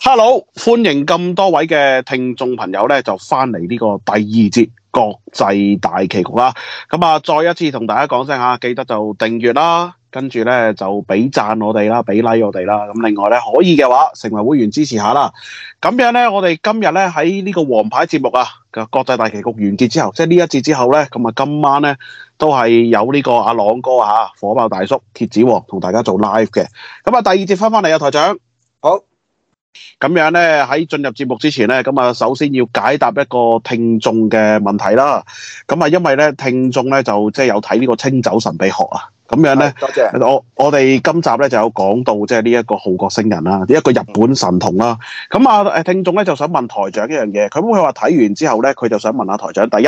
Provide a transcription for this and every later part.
hello，歡迎咁多位嘅聽眾朋友咧，就翻嚟呢個第二節國際大棋局啦。咁啊，再一次同大家講聲吓，記得就訂閱啦，跟住咧就俾讚我哋啦，俾 like 我哋啦。咁另外咧，可以嘅話，成為會員支持下啦。咁樣呢，咧，我哋今日咧喺呢個王牌節目啊嘅國際大棋局完結之後，即係呢一節之後咧，咁啊今晚咧都係有呢個阿朗哥啊，火爆大叔鐵子王同大家做 live 嘅。咁啊，第二節翻翻嚟啊，台長好。咁樣咧喺進入節目之前咧，咁啊，首先要解答一個聽眾嘅問題啦。咁啊，因為咧聽眾咧就即係有睇呢個清酒神秘學啊，咁樣咧，多謝，謝我我哋今集咧就有講到即係呢一個浩國星人啦，呢一個日本神童啦。咁啊，誒，聽眾咧就想問台長一樣嘢，佢話睇完之後咧，佢就想問下台長，第一。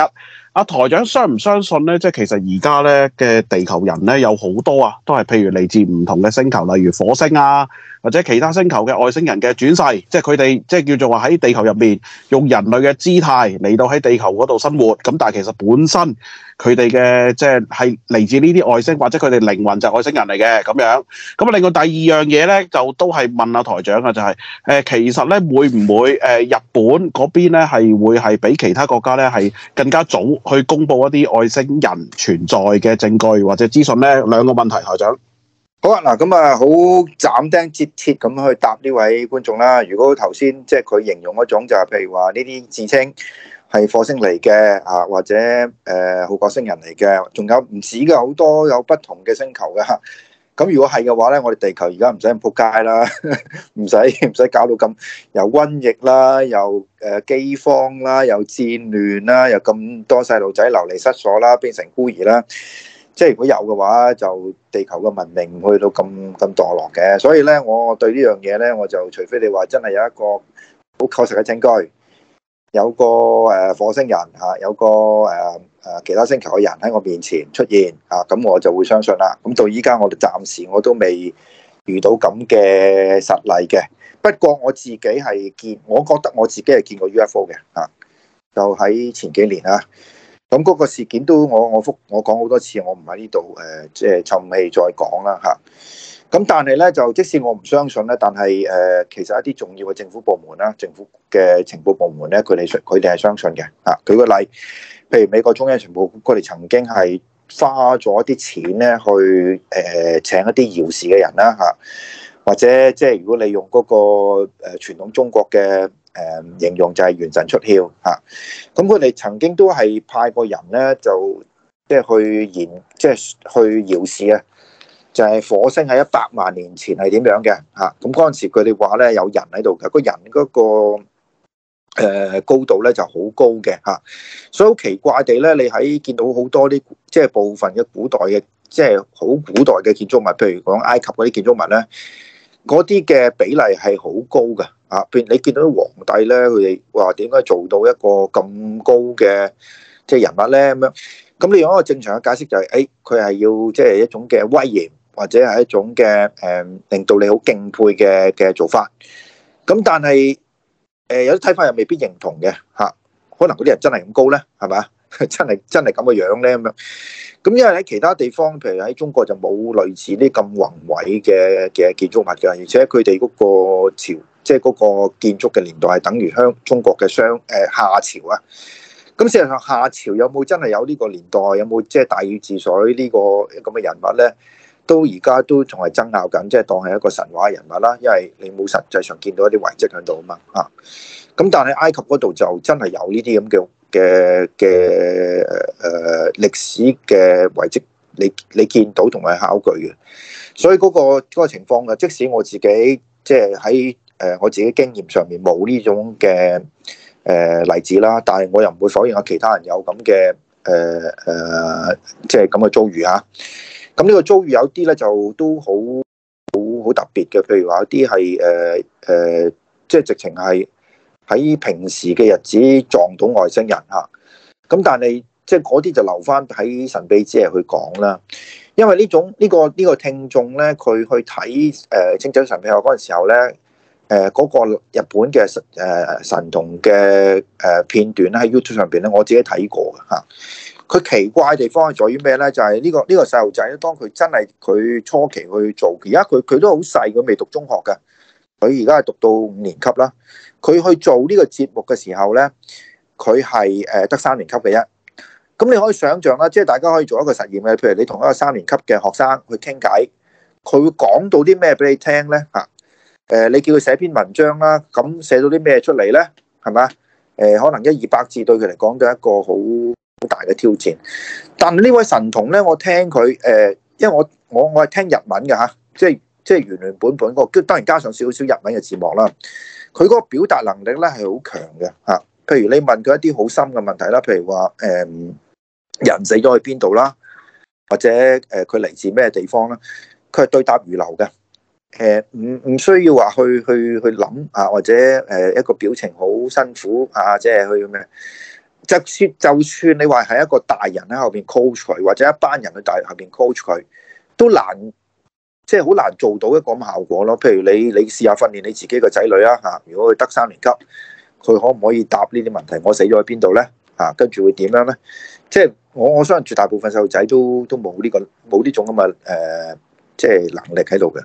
阿台長相唔相信呢？即係其實而家呢嘅地球人呢，有好多啊，都係譬如嚟自唔同嘅星球，例如火星啊，或者其他星球嘅外星人嘅轉世，即係佢哋即係叫做話喺地球入面用人類嘅姿態嚟到喺地球嗰度生活。咁但係其實本身佢哋嘅即係係嚟自呢啲外星，或者佢哋靈魂就係外星人嚟嘅咁樣。咁另外第二樣嘢呢，就都係問阿台長啊，就係、誒、其實呢會唔會誒日本嗰邊呢係會係比其他國家呢，係更加早去公布一啲外星人存在嘅證據或者資訊咧，兩個問題，台長。好啊，嗱咁啊，好斬釘截鐵咁去答呢位觀眾啦。如果頭先即係佢形容一種就係、是，譬如話呢啲自稱係火星嚟嘅啊，或者誒外國星人嚟嘅，仲有唔止嘅好多有不同嘅星球嘅。咁如果係嘅話咧，我哋地球而家唔使咁仆街啦，唔使唔使搞到咁又瘟疫啦，又誒饑荒啦，又戰亂啦，又咁多細路仔流離失所啦，變成孤兒啦。即係如果有嘅話，就地球嘅文明唔去到咁咁墮落嘅。所以咧，我對呢樣嘢咧，我就除非你話真係有一個好確實嘅證據，有個誒、呃、火星人嚇、啊，有個誒。呃誒其他星球嘅人喺我面前出現啊，咁我就會相信啦。咁到依家我哋暫時我都未遇到咁嘅實例嘅。不過我自己係見，我覺得我自己係見過 UFO 嘅啊。就喺前幾年啦，咁、那、嗰個事件都我我覆我講好多次，我唔喺、呃啊、呢度誒，即係冚氣再講啦嚇。咁但係咧就即使我唔相信咧，但係誒、呃、其實一啲重要嘅政府部門啦，政府嘅情報部門咧，佢哋佢哋係相信嘅啊。舉個例。譬如美國中央情報局，佢哋曾經係花咗啲錢咧去誒請一啲遙視嘅人啦嚇，或者即係如果你用嗰個誒傳統中國嘅誒形容就係元神出竅嚇，咁佢哋曾經都係派個人咧就即係去言即係去遙視啊，就係火星喺一百萬年前係點樣嘅嚇，咁嗰陣時佢哋話咧有人喺度嘅，個人嗰個。誒，高度咧就好高嘅吓，所以好奇怪地咧，你喺見到好多啲即係部分嘅古代嘅，即係好古代嘅建築物，譬如講埃及嗰啲建築物咧，嗰啲嘅比例係好高嘅吓。譬如你見到皇帝咧，佢哋話點解做到一個咁高嘅即係人物咧咁樣？咁你用一個正常嘅解釋就係，誒，佢係要即係一種嘅威嚴，或者係一種嘅誒，令到你好敬佩嘅嘅做法。咁但係。誒，有啲睇法又未必認同嘅吓，可能嗰啲人真係咁高咧，係咪？真係真係咁嘅樣咧咁樣。咁因為喺其他地方，譬如喺中國就冇類似啲咁宏偉嘅嘅建築物噶，而且佢哋嗰個朝即係個建築嘅年代係等於香中國嘅商誒夏朝啊。咁事實上夏朝有冇真係有呢個年代？有冇即係大禹治水呢個咁嘅人物咧？都而家都仲係爭拗緊，即係當係一個神話人物啦。因為你冇實際上見到一啲遺蹟喺度啊嘛嚇。咁但係埃及嗰度就真係有呢啲咁嘅嘅嘅歷史嘅遺蹟，你你見到同埋考據嘅。所以嗰個嗰個情況啊，即使我自己即係喺我自己經驗上面冇呢種嘅誒例子啦，但係我又唔會否認我其他人有咁嘅誒誒即係咁嘅遭遇嚇。咁呢個遭遇有啲咧就都好好好特別嘅，譬如話有啲係誒誒，即、呃、係、呃就是、直情係喺平時嘅日子撞到外星人嚇。咁但係即係嗰啲就留翻喺神秘之夜去講啦。因為呢種呢、這個呢、這個聽眾咧，佢去睇誒《精準神秘學》嗰、那、陣、個、時候咧，誒、那、嗰個日本嘅誒神童嘅誒片段咧喺 YouTube 上邊咧，我自己睇過嘅嚇。佢奇怪嘅地方係在於咩咧？就係呢個呢個細路仔，當佢真係佢初期去做而家佢佢都好細，佢未讀中學嘅，佢而家係讀到五年級啦。佢去做呢個節目嘅時候咧，佢係誒得三年級嘅一，咁，你可以想象啦，即係大家可以做一個實驗嘅，譬如你同一個三年級嘅學生去傾偈，佢會講到啲咩俾你聽咧嚇？誒，你叫佢寫篇文章啦，咁寫到啲咩出嚟咧？係咪？誒，可能一二百字對佢嚟講都係一個好。好大嘅挑戰，但呢位神童咧，我聽佢誒、呃，因為我我我係聽日文嘅嚇、啊，即係即係原原本本嗰、那個，當然加上少少日文嘅字幕啦。佢嗰個表達能力咧係好強嘅嚇、啊。譬如你問佢一啲好深嘅問題啦，譬如話誒、呃、人死咗去邊度啦，或者誒佢嚟自咩地方啦，佢係對答如流嘅。誒唔唔需要話去去去諗啊，或者誒一個表情好辛苦啊，即係去咩？就說，就算你話係一個大人喺後邊 coach 佢，或者一班人去大後邊 coach 佢，都難，即係好難做到一個咁效果咯。譬如你，你試下訓練你自己個仔女啊嚇。如果佢得三年級，佢可唔可以答呢啲問題？我死咗喺邊度咧？嚇，跟住會點樣咧？即係我我相信絕大部分細路仔都都冇呢個冇呢種咁嘅誒，即係能力喺度嘅。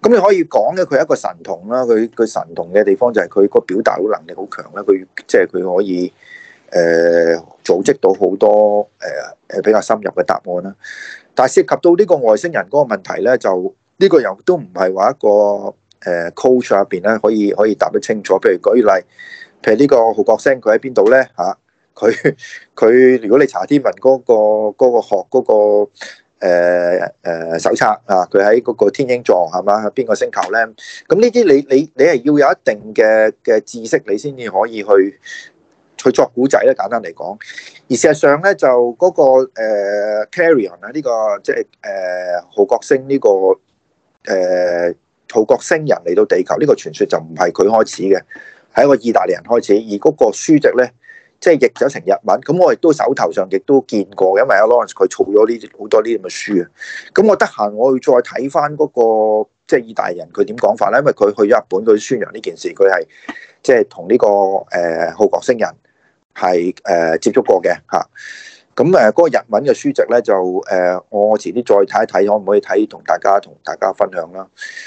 咁你可以講嘅佢係一個神童啦，佢佢神童嘅地方就係佢個表達好能力好強啦，佢即係佢可以。誒、呃、組織到好多誒、呃、比較深入嘅答案啦，但係涉及到呢個外星人嗰個問題咧，就呢個又都唔係話一個、呃、coach 入邊咧可以可以答得清楚。譬如舉例，譬如呢個浩國星佢喺邊度咧嚇？佢、啊、佢如果你查天文嗰、個嗰、個學嗰、個、呃呃、手冊啊，佢喺嗰個天鷹座係嘛？邊個星球咧？咁呢啲你你你係要有一定嘅嘅知識，你先至可以去。去作古仔咧，簡單嚟講，而事實上咧就嗰個 Carryon 啊，呢個即係誒浩國星呢個誒浩國星人嚟到地球呢個傳說就唔係佢開始嘅，係一個意大利人開始，而嗰個書籍咧即係譯咗成日文，咁我亦都手頭上亦都見過，因為阿 Lawrence 佢儲咗呢啲好多呢啲咁嘅書啊，咁我得閒我去再睇翻嗰個即係意大利人佢點講法咧，因為佢去咗日本佢宣揚呢件事，佢係即係同呢個誒浩國星人。係誒、呃、接觸過嘅嚇，咁誒嗰日文嘅書籍咧就誒、呃，我遲啲再睇一睇，可唔可以睇同大家同大家分享啦？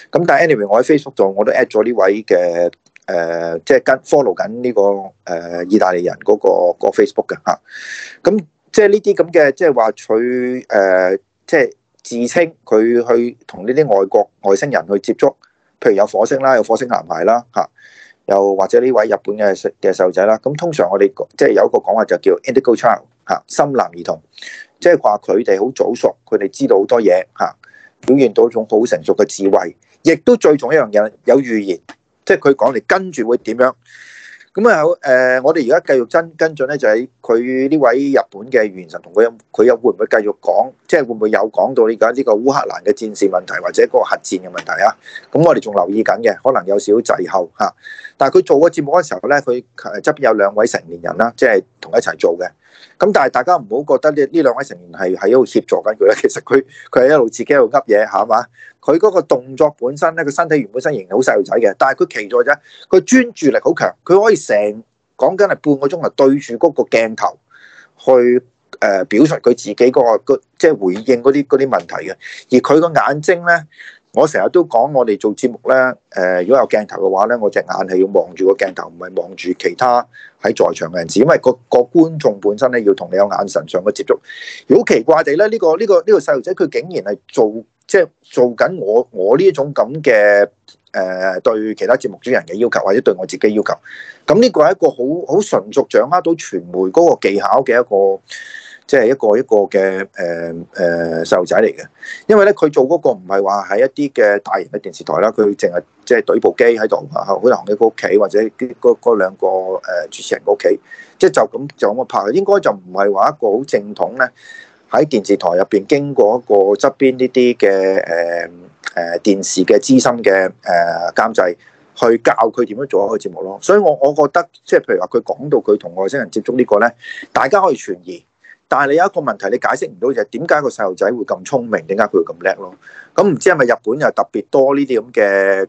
咁、啊、但係 anyway，我喺 Facebook 度我都 at 咗呢位嘅誒，即係跟 follow 緊呢、呢個誒、呃、意大利人嗰、嗰個嗰個 Facebook 嘅嚇。咁即係呢啲咁嘅，即係話佢誒，即、就、係、是呃就是、自稱佢去同呢啲外國外星人去接觸，譬如有火星啦，有火星男孩啦嚇。啊又或者呢位日本嘅嘅細路仔啦，咁通常我哋即係有一個講話就叫 indigo child 嚇，深藍兒童，即係話佢哋好早熟，佢哋知道好多嘢嚇，表現到一種好成熟嘅智慧，亦都最重要一樣嘢有預言，即係佢講嚟跟住會點樣？咁啊我哋而家繼續跟跟進咧，就係佢呢位日本嘅預言神，同佢有佢又會唔會繼續講，即係會唔會有講到呢個呢個烏克蘭嘅戰事問題，或者個核戰嘅問題啊？咁我哋仲留意緊嘅，可能有少滯後嚇。但係佢做個節目嗰時候咧，佢側邊有兩位成年人啦，即係同一齊做嘅。咁但係大家唔好覺得呢呢兩位成員係喺度協助緊佢咧，其實佢佢係一路自己喺度噏嘢嚇嘛，佢嗰個動作本身咧，佢身體原本身型好細路仔嘅，但係佢期待啫，佢專注力好強，佢可以成講緊係半個鐘頭對住嗰個鏡頭去誒表述佢自己嗰個即係回應嗰啲啲問題嘅，而佢個眼睛咧。我成日都講，我哋做節目咧，誒、呃，如果有鏡頭嘅話咧，我隻眼係要望住個鏡頭，唔係望住其他喺在，在場嘅人士，因為個個觀眾本身咧要同你有眼神上嘅接觸。好奇怪地咧，呢、這個呢、這個呢、這個細路仔佢竟然係做即係、就是、做緊我我呢一種咁嘅誒對其他節目主持人嘅要求，或者對我自己的要求。咁呢個係一個好好純熟掌握到傳媒嗰個技巧嘅一個。即係一個一個嘅誒誒細路仔嚟嘅，因為咧佢做嗰個唔係話喺一啲嘅大型嘅電視台啦，佢淨係即係攞部機喺度啊，可能行你個屋企或者啲嗰嗰兩個誒主持人嘅屋企，即係就咁就咁嘅拍，應該就唔係話一個好正統咧。喺電視台入邊經過一個側邊呢啲嘅誒誒電視嘅資深嘅誒監製去教佢點樣做一個節目咯。所以我我覺得即係譬如話佢講到佢同外星人接觸呢個咧，大家可以存疑。但係你有一個問題，你解釋唔到就係點解個細路仔會咁聰明，點解佢會咁叻咯？咁唔知係咪日本又特別多呢啲咁嘅？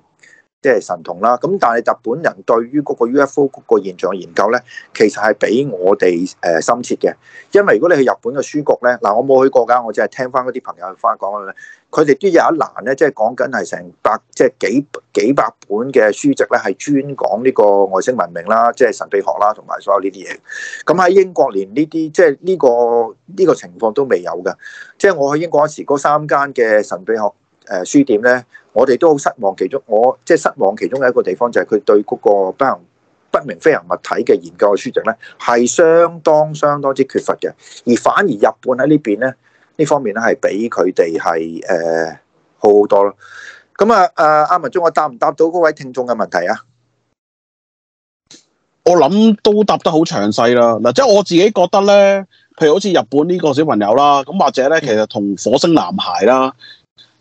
即係神童啦，咁但係日本人對於嗰個 UFO 個現象研究咧，其實係比我哋誒深切嘅。因為如果你去日本嘅書局咧，嗱我冇去過噶，我淨係聽翻嗰啲朋友翻講咧，佢哋都有一欄咧，即係講緊係成百即係幾幾百本嘅書籍咧，係專講呢個外星文明啦，即係神秘學啦，同埋所有呢啲嘢。咁喺英國連呢啲即係呢個呢個情況都未有嘅。即係我去英國嗰時，嗰三間嘅神秘學。誒、呃、書店咧，我哋都好失望。其中，我即係、就是、失望其中嘅一個地方就係佢對嗰個不明飛行物體嘅研究嘅書籍咧，係相當相當之缺乏嘅。而反而日本喺呢邊咧，呢方面咧係比佢哋係誒好好多咯。咁啊，阿、呃、阿文進，我答唔答到嗰位聽眾嘅問題啊？我諗都答得好詳細啦。嗱，即係我自己覺得咧，譬如好似日本呢個小朋友啦，咁或者咧，其實同火星男孩啦。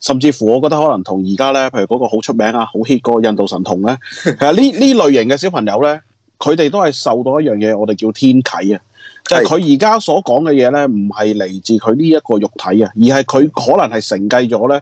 甚至乎，我覺得可能同而家咧，譬如嗰個好出名啊、好 hit 嗰個印度神童咧，呢 呢類型嘅小朋友咧，佢哋都係受到一樣嘢，我哋叫天啟啊。即係佢而家所講嘅嘢咧，唔係嚟自佢呢一個肉體啊，而係佢可能係承繼咗咧。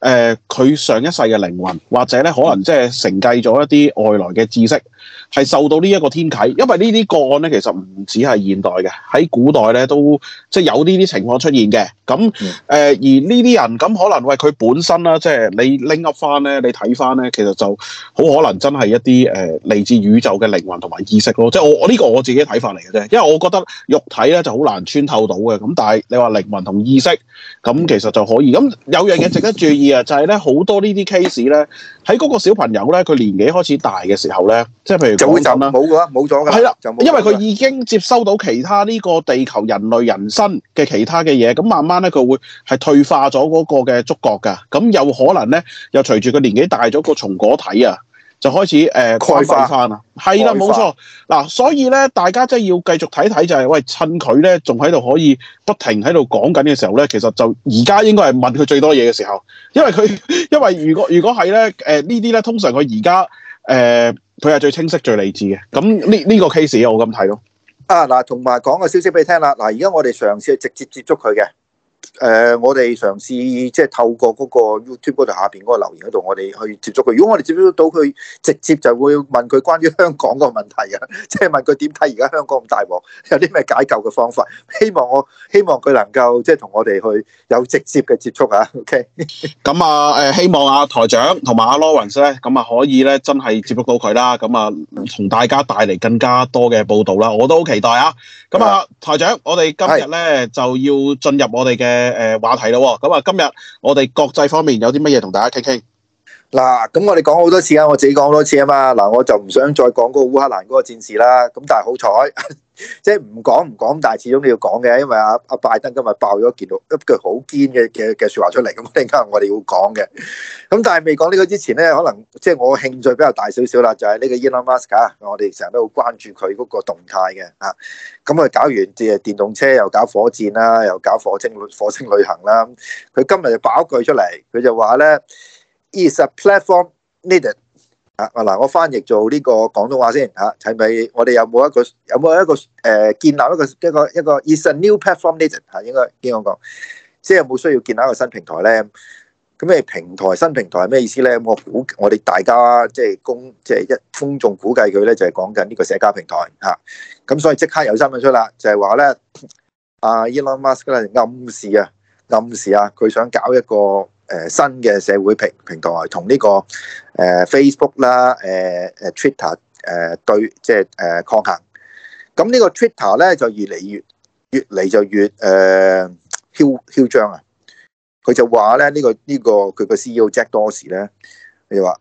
誒、呃、佢上一世嘅靈魂，或者咧可能即係承繼咗一啲外來嘅知識，係受到呢一個天啟。因為呢啲個案咧，其實唔止係現代嘅，喺古代咧都即係有呢啲情況出現嘅。咁誒、呃、而呢啲人咁可能為佢本身啦，即係你拎噏翻咧，你睇翻咧，其實就好可能真係一啲誒嚟自宇宙嘅靈魂同埋意識咯。即係我我呢、這個我自己睇法嚟嘅啫，因為我覺得肉體咧就好難穿透到嘅。咁但係你話靈魂同意識，咁其實就可以。咁有樣嘢值得注意。 就係、是、咧，好多呢啲 case 咧，喺嗰個小朋友咧，佢年紀開始大嘅時候咧，即係譬如就會走啦，冇噶，冇咗噶，係啦，因為佢已經接收到其他呢個地球人類人生嘅其他嘅嘢，咁慢慢咧佢會係退化咗嗰個嘅觸覺噶，咁有可能咧，又隨住佢年紀大咗個松果體啊。就開始誒、呃、開發翻啦係啦，冇錯嗱、啊，所以咧，大家真係要繼續睇睇、就是，就係喂，趁佢咧仲喺度可以不停喺度講緊嘅時候咧，其實就而家應該係問佢最多嘢嘅時候，因為佢因為如果如果係咧呢啲咧、呃，通常佢而家誒佢係最清晰、最理智嘅，咁呢呢個 case、這個、我咁睇咯啊。啊嗱，同埋講個消息俾你聽啦，嗱，而家我哋嘗試直接接觸佢嘅。誒、呃，我哋嘗試即係透過嗰個 YouTube 度下邊嗰個留言度，我哋去接觸佢。如果我哋接觸到佢，直接就會問佢關於香港個問題啊，即係問佢點睇而家香港咁大鑊，有啲咩解救嘅方法？希望我希望佢能夠即係同我哋去有直接嘅接觸啊。OK，咁啊，誒、呃，希望啊台長同埋阿 Lawrence 咧，咁啊可以咧真係接觸到佢啦。咁啊，同大家帶嚟更加多嘅報道啦，我都好期待啊。咁啊，台長，我哋今日咧就要進入我哋嘅。誒誒，話題咯，咁啊，今日我哋國際方面有啲乜嘢同大家傾傾？嗱，咁我哋講好多次啊，我自己講好多次啊嘛，嗱，我就唔想再講個烏克蘭嗰個戰事啦，咁但係好彩。 即係唔講唔講，但係始終你要講嘅，因為阿阿拜登今日爆咗一句好堅嘅嘅嘅説話出嚟，咁陣間我哋要講嘅。咁但係未講呢個之前咧，可能即係我興趣比較大少少啦，就係呢個 Elon Musk 我哋成日都好關注佢嗰個動態嘅。啊，咁啊搞完即係電動車又搞火箭啦，又搞火星旅火星旅行啦。佢今日就爆一句出嚟，佢就話咧：Is a platform needed？啊嗱，我翻譯做呢個廣東話先嚇，係、啊、咪我哋有冇一個有冇一個誒、呃、建立一個一個一個 is a new platform 呢？嚇，應該應該講，即係有冇需要建立一個新平台咧？咁咩平台新平台係咩意思咧？我估我哋大家即係公即係一風眾估計佢咧，就係、是、講緊呢個社交平台嚇。咁、啊、所以即刻有新聞出啦，就係話咧，阿、啊、Elon Musk 咧暗示啊，暗示啊，佢想搞一個新嘅社會平平台同呢個 Facebook 啦誒誒 Twitter 誒對即係誒抗衡。咁、就、呢、是呃、個 Twitter 咧就越嚟越越嚟、呃、就越誒囂囂張啊！佢就話咧呢個呢、這個佢個 CEO Jack Dorsey 咧、哎，你話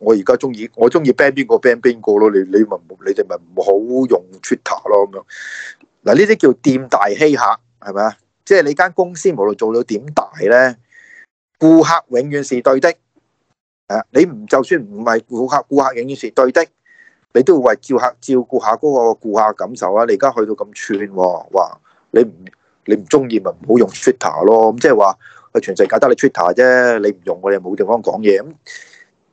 我而家中意我中意 ban 邊個 ban 邊個咯？你你咪你哋咪唔好用 Twitter 咯咁樣。嗱呢啲叫店大欺客係咪啊？即係你間公司無論做到點大咧～顧客永遠是對的，係啊，你唔就算唔係顧客，顧客永遠是對的，你都要為照客照顧下嗰個顧客感受啊！你而家去到咁串喎，哇！你唔你唔中意咪唔好用 Twitter 咯，咁即係話，全世界得你 Twitter 啫，你唔用我哋冇地方講嘢咁。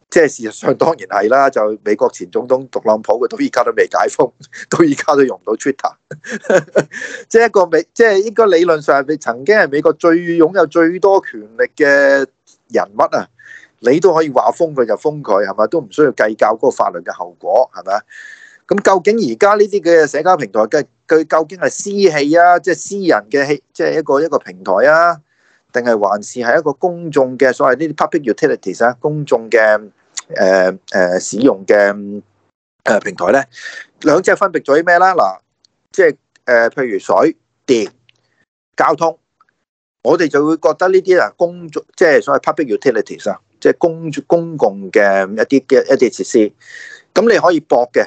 即係事實上當然係啦，就美國前總統特朗普佢到而家都未解封，到而家都用唔到 Twitter 即。即係一個美，即係應該理論上你曾經係美國最擁有最多權力嘅人物啊，你都可以話封佢就封佢，係咪？都唔需要計較嗰個法律嘅後果，係咪？咁究竟而家呢啲嘅社交平台嘅佢究竟係私器啊，即係私人嘅器，即係一個一個平台啊，定係還是係一個公眾嘅所謂呢啲 public utilities 啊，公眾嘅？誒誒，使用嘅誒平台咧，兩者分別咗啲咩啦？嗱，即係誒，譬如水、電、交通，我哋就會覺得呢啲啊，工作即係所謂 public utilities 啊，即係公公共嘅一啲嘅一啲設施。咁你可以博嘅，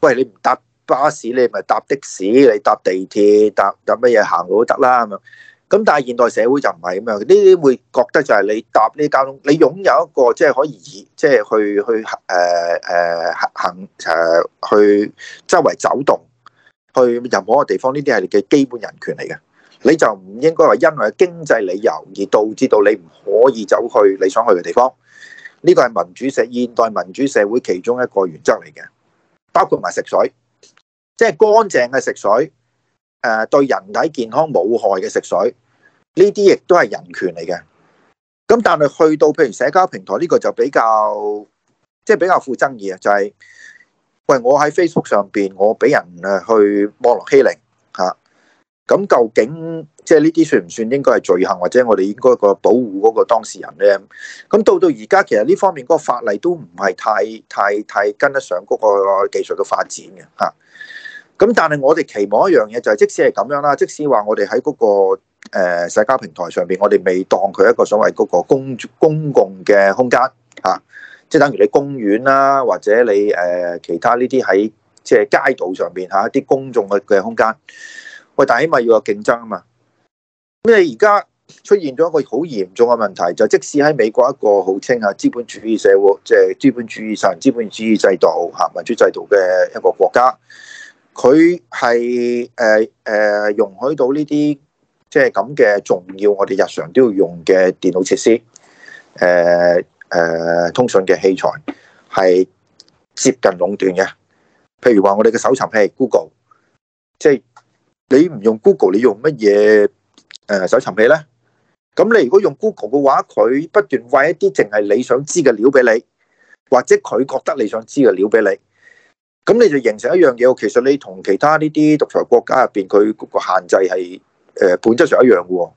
喂，你唔搭巴士，你咪搭的士，你搭地鐵、搭搭乜嘢行都得啦，咁樣。咁但係現代社會就唔係咁樣，呢啲會覺得就係你搭呢啲交通，你擁有一個即係可以即係去去呃行誒行行去周圍走動，去任何個地方，呢啲係你嘅基本人權嚟嘅。你就唔應該話因為經濟理由而導致到你唔可以走去你想去嘅地方。呢個係民主社現代民主社會其中一個原則嚟嘅，包括埋食水，即係乾淨嘅食水。誒，對人體健康冇害嘅食水，呢啲亦都係人權嚟嘅。咁但係去到譬如社交平台呢個就比較，即係比較富爭議啊。就係喂，我喺 Facebook 上邊，我俾人誒去網絡欺凌吓。咁究竟即係呢啲算唔算應該係罪行，或者我哋應該個保護嗰個當事人咧？咁到到而家，其實呢方面嗰個法例都唔係太、太、太跟得上嗰個技術嘅發展嘅吓。咁但係我哋期望一樣嘢就係，即使係咁樣啦，即使話我哋喺嗰個社交平台上邊，我哋未當佢一個所謂嗰個公公共嘅空間嚇、啊，即係等於你公園啦、啊，或者你誒、啊、其他呢啲喺即係街道上邊、啊、一啲公眾嘅空間。喂，但係起碼要有競爭啊嘛。咁你而家出現咗一個好嚴重嘅問題，就即使喺美國一個號稱啊資本主義社會，即係資本主義層、資本主義制度嚇、啊、民主制度嘅一個國家。佢係誒誒容許到呢啲即係咁嘅重要，我哋日常都要用嘅電腦設施，誒、呃、誒、呃、通訊嘅器材係接近壟斷嘅。譬如話我哋嘅搜尋器 Google，即係你唔用 Google，你用乜嘢誒搜尋器咧？咁你如果用 Google 嘅話，佢不斷喂一啲淨係你想知嘅料俾你，或者佢覺得你想知嘅料俾你。咁你就形成一樣嘢，其實你同其他呢啲獨裁國家入邊佢個限制係誒本質上一樣嘅喎，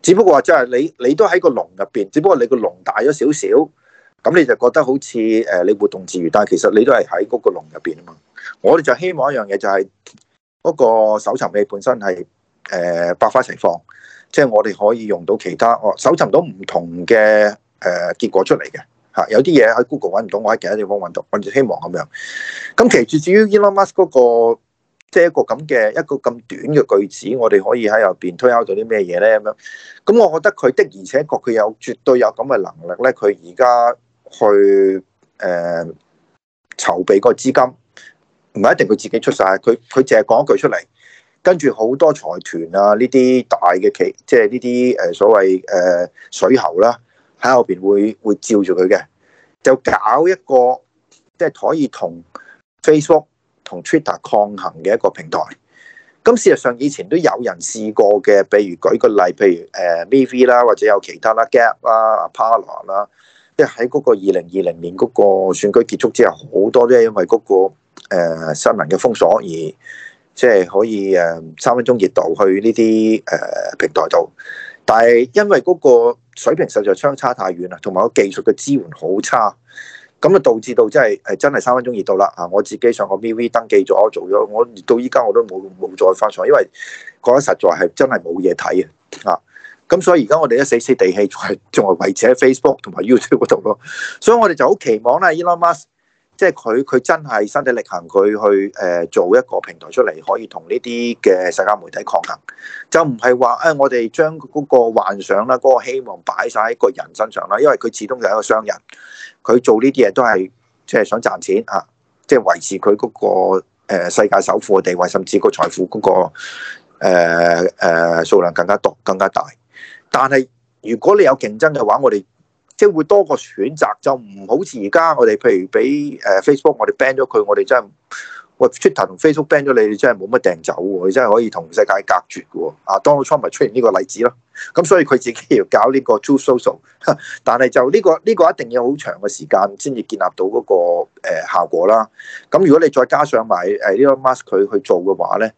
只不過話即係你你都喺個籠入邊，只不過你個籠大咗少少，咁你就覺得好似誒你活動自如，但係其實你都係喺嗰個籠入邊啊嘛。我哋就希望一樣嘢就係嗰個搜尋器本身係誒百花齊放，即係我哋可以用到其他，搜尋到唔同嘅誒結果出嚟嘅。嚇有啲嘢喺 Google 揾唔到，我喺其他地方揾到。我哋希望咁樣。咁其實至於 Elon Musk 嗰、那個，即係一個咁嘅一個咁短嘅句子，我哋可以喺入邊推敲到啲咩嘢咧？咁樣。咁我覺得佢的而且確佢有絕對有咁嘅能力咧。佢而家去誒、呃、籌備嗰個資金，唔係一定佢自己出晒，佢佢淨係講一句出嚟，跟住好多財團啊，呢啲大嘅企，即係呢啲誒所謂誒、呃、水喉啦。喺後邊會會照住佢嘅，就搞一個即係可以同 Facebook 同 Twitter 抗衡嘅一個平台。咁事實上以前都有人試過嘅，譬如舉個例，譬如誒 MeWe 啦，或者有其他啦 Gap 啦、Parler 啦，即係喺嗰個二零二零年嗰個選舉結束之後，好多都係因為嗰個新聞嘅封鎖而即係可以誒三分鐘熱度去呢啲誒平台度。但係因為嗰個水平實在相差太遠啦，同埋個技術嘅支援好差，咁啊導致到、就係、真係誒真係三分鐘熱度啦啊！我自己上個 MV 登記咗做咗，我到依家我都冇冇再翻上，因為覺得實在係真係冇嘢睇啊！咁所以而家我哋一死死地氣仲係仲係維持喺 Facebook 同埋 YouTube 嗰度咯，所以我哋就好期望咧 Elon Musk 即係佢，佢真係身體力行，佢去誒做一個平台出嚟，可以同呢啲嘅世界媒體抗衡，就唔係話誒我哋將嗰個幻想啦，嗰個希望擺晒喺個人身上啦，因為佢始終就係一個商人，佢做呢啲嘢都係即係想賺錢啊，即係維持佢嗰個世界首富嘅地位，甚至個財富嗰個誒誒數量更加多，更加大。但係如果你有競爭嘅話，我哋，即會多個選擇，就唔好似而家我哋，譬如俾 Facebook，我哋 ban 咗佢，我哋真係喂 Twitter 同 Facebook ban 咗你，你真係冇乜掟走喎，你真係可以同世界隔絕嘅喎。啊，Donald Trump 咪出現呢個例子咯。咁所以佢自己要搞呢個 Truth Social，但係就呢個呢個一定要好長嘅時間先至建立到嗰個效果啦。咁如果你再加上埋呢個 Musk 佢去做嘅話咧？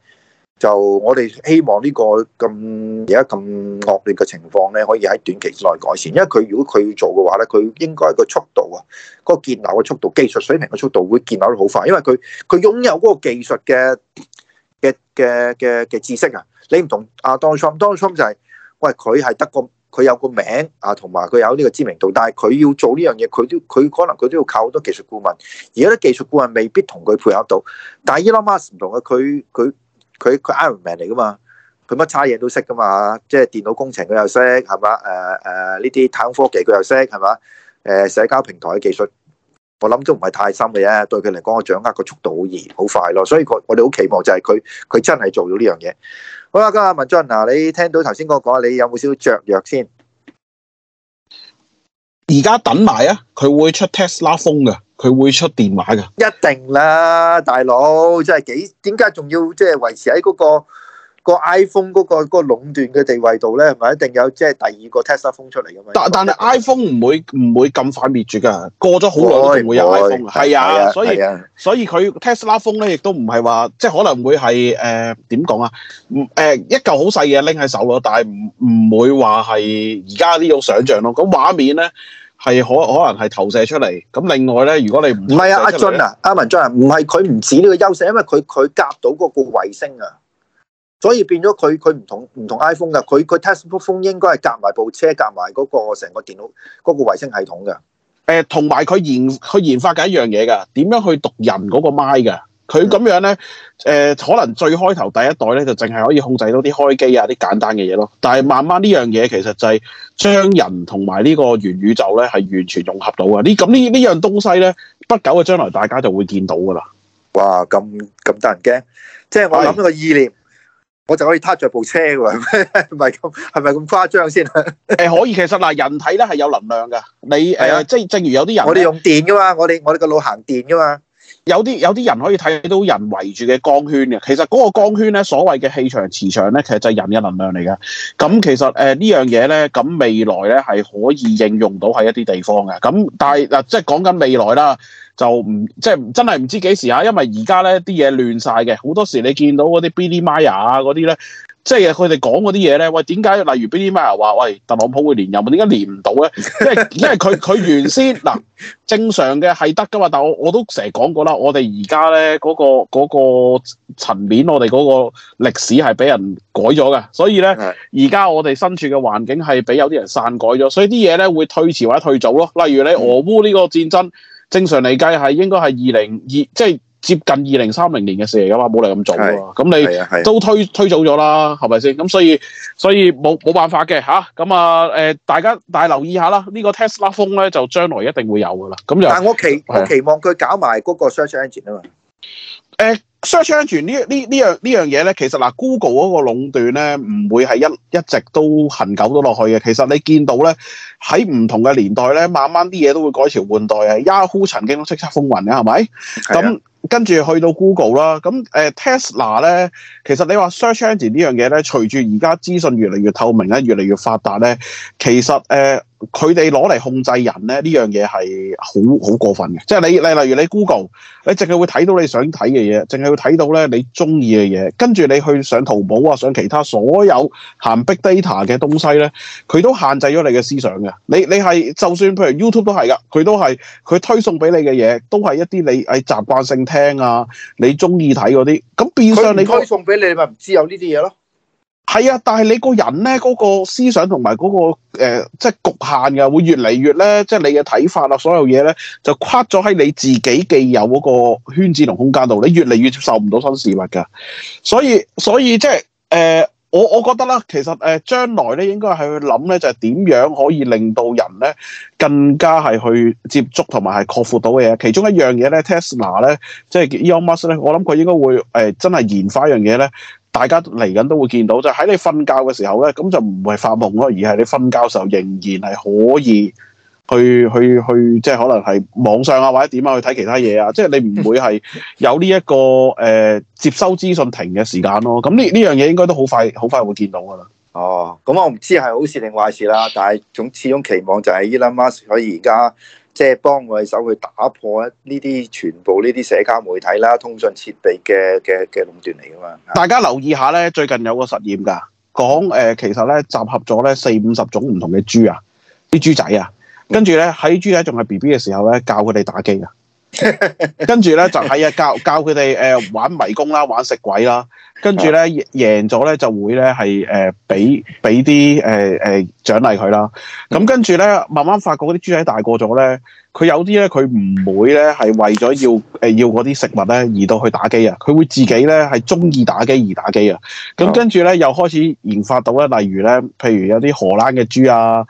就我哋希望呢個咁而家咁惡劣嘅情況咧，可以喺短期內改善。因為佢如果佢做嘅話咧，佢應該個速度啊，嗰個建立嘅速度、技術水平嘅速度會建立得好快。因為佢佢擁有嗰個技術嘅嘅嘅嘅嘅知識啊。你唔同阿 Donald Trump，Donald Trump 就係，喂佢係得個，佢有，有個名啊，同埋佢有呢個知名度。但係佢要做呢樣嘢，佢都佢可能佢都要靠好多技術顧問。而家啲技術顧問未必同佢配合到。但係 Elon Musk 唔同嘅，佢佢。他佢佢 Ironman 嚟噶嘛？佢乜叉嘢都識噶嘛？即係電腦工程佢又識係嘛？誒誒呢啲太空科技佢又識係嘛？誒、呃、社交平台嘅技術，我諗都唔係太深嘅啫。對佢嚟講，我掌握個速度好易好快咯。所以佢我哋好期望就係佢佢真係做到呢樣嘢。好啦，家下文俊嗱，你聽到頭先我講，你有冇少少雀躍先？而家等埋啊！佢會出 Tesla Phone 㗎，佢會出電話㗎。一定啦，大佬！即係幾點解仲要即係維持喺嗰、嗰個？個 iPhone 嗰個嗰個壟斷嘅地位度咧，係咪一定有即係第二個 Tesla Phone 出嚟咁啊？但但係、嗯、iPhone 唔會唔會咁快滅絕㗎，過咗好耐都仲會有 iPhone、嗯、啊！係啊，啊，所以、啊、所以佢 Tesla Phone 咧，亦都唔係話即係可能會係誒點講啊？誒、呃呃、一嚿好細嘅拎喺手咯，但係唔唔會話係而家呢種想象咯。咁畫面咧係可可能係投射出嚟。咁另外咧，如果你唔係啊，阿俊啊，阿文俊啊，唔係佢唔止呢個優勢，因為佢佢夾到嗰個衛星啊。所以變咗佢佢唔同唔同 iPhone 噶，佢佢 Tesla Phone 應該係夾埋部車，夾埋嗰個成個電腦嗰個衛星系統㗎。誒、呃，同埋佢研佢研發緊一樣嘢噶，點樣去讀人嗰個麥噶？佢咁樣咧，誒、嗯呃，可能最開頭第一代咧就淨係可以控制到啲開機啊啲簡單嘅嘢咯。但係慢慢呢樣嘢其實就係將人同埋呢個元宇宙咧係完全融合到㗎。呢咁呢呢樣東西咧，不久嘅將來大家就會見到噶啦。哇，咁咁得人驚！即係我諗個意念。我就可以撻着部車喎，唔係咁，係咪咁誇張先？誒、呃，可以，其實嗱，人體咧係有能量噶，你係即係正如有啲人，我哋用電噶嘛，我哋我哋個腦行電噶嘛。有啲有啲人可以睇到人圍住嘅光圈嘅，其實嗰個光圈咧，所謂嘅氣場、磁場咧，其實就係人嘅能量嚟噶。咁其實誒、呃、呢樣嘢咧，咁未來咧係可以應用到喺一啲地方嘅。咁但係嗱，即係講緊未來啦。就唔即係真係唔知幾時，下因為而家咧啲嘢亂晒嘅，好多時你見到嗰啲 Billy Meier 啊嗰啲咧，即係佢哋講嗰啲嘢咧，喂，點解，例如 Billy Meier 話，喂，特朗普會連任，點解連唔到咧？即 係因為佢佢原先嗱正常嘅係得噶嘛，但我我都成日講過啦，我哋而家咧嗰個嗰、嗰個、層面，我哋嗰個歷史係俾人改咗嘅，所以咧而家我哋身處嘅環境係俾有啲人篡改咗，所以啲嘢咧會推遲或者推早咯。例如你、嗯、俄烏呢個戰爭。正常嚟計係應該係二零二，即係接近二零三零年嘅事嚟噶嘛，冇你咁早啊！咁你、啊、都推推早咗啦，係咪先？咁所以所以冇冇辦法嘅嚇。咁啊誒，大家大留意一下啦，呢、這個 Tesla 風咧就將來一定會有噶啦。咁就，但係我期、啊、我期望佢搞埋嗰個 search engine 啊嘛。誒，search engine 呢呢呢樣呢樣嘢咧，其實嗱、啊、，Google 嗰個壟斷咧，唔會係一一直都恒久咗落去嘅。其實你見到咧，喺唔同嘅年代咧，慢慢啲嘢都會改朝換代嘅。Yahoo 曾經都叱咤風雲嘅係咪？咁、嗯、跟住去到 Google 啦、啊，咁、啊、誒，Tesla 咧，其實你話 search engine 呢樣嘢咧，隨住而家資訊越嚟越透明咧，越嚟越發達咧，其實誒。啊佢哋攞嚟控制人咧呢樣嘢係好好過分嘅，即係你例例如你 Google，你淨係會睇到你想睇嘅嘢，淨係會睇到咧你中意嘅嘢，跟住你去上淘寶啊，上其他所有咸逼 data 嘅東西咧，佢都限制咗你嘅思想嘅。你你係就算譬如 YouTube 都係噶，佢都係佢推送俾你嘅嘢都係一啲你係習慣性聽啊，你中意睇嗰啲，咁變相你佢推送俾你咪唔知有呢啲嘢咯。係啊，但係你個人咧，嗰、那個思想同埋嗰個誒、呃，即係局限嘅，會越嚟越咧，即係你嘅睇法啊，所有嘢咧就框咗喺你自己既有嗰個圈子同空間度，你越嚟越接受唔到新事物噶。所以，所以即係誒，我我覺得啦，其實誒、呃，將來咧應該係去諗咧，就係、是、點樣可以令到人咧更加係去接觸同埋係擴闊到嘅嘢。其中一樣嘢咧，Tesla 咧，即係 Elon Musk 咧，我諗佢應該會誒、呃，真係研發一樣嘢咧。大家嚟緊都會見到，就喺、是、你瞓覺嘅時候咧，咁就唔係發夢咯，而係你瞓覺時候仍然係可以去去去，即係、就是、可能係網上啊或者點啊去睇其他嘢啊，即、就、係、是、你唔會係有呢、這、一個誒、 呃、接收資訊停嘅時間咯。咁呢呢樣嘢應該都好快好快會見到噶啦。哦，咁、嗯、我唔知係好事定壞事啦，但係總始終期望就係 Elon Musk 可以而家。即、就、係、是、幫我哋手去打破呢啲全部呢啲社交媒體啦、通訊設備嘅嘅嘅壟斷嚟㗎嘛。大家留意下咧，最近有個實驗㗎，講誒其實咧集合咗咧四五十種唔同嘅豬啊，啲豬仔啊，跟住咧喺豬仔仲係 BB 嘅時候咧，教佢哋打機啊。 跟住咧就係、是、啊教教佢哋誒玩迷宮啦，玩食鬼啦。跟住咧贏咗咧就會咧係誒俾俾啲誒誒獎勵佢啦。咁跟住咧慢慢發覺嗰啲豬仔大個咗咧，佢有啲咧佢唔會咧係為咗要誒、呃、要嗰啲食物咧而到去打機啊，佢會自己咧係中意打機而打機啊。咁跟住咧又開始研發到咧，例如咧譬如有啲荷蘭嘅豬啊。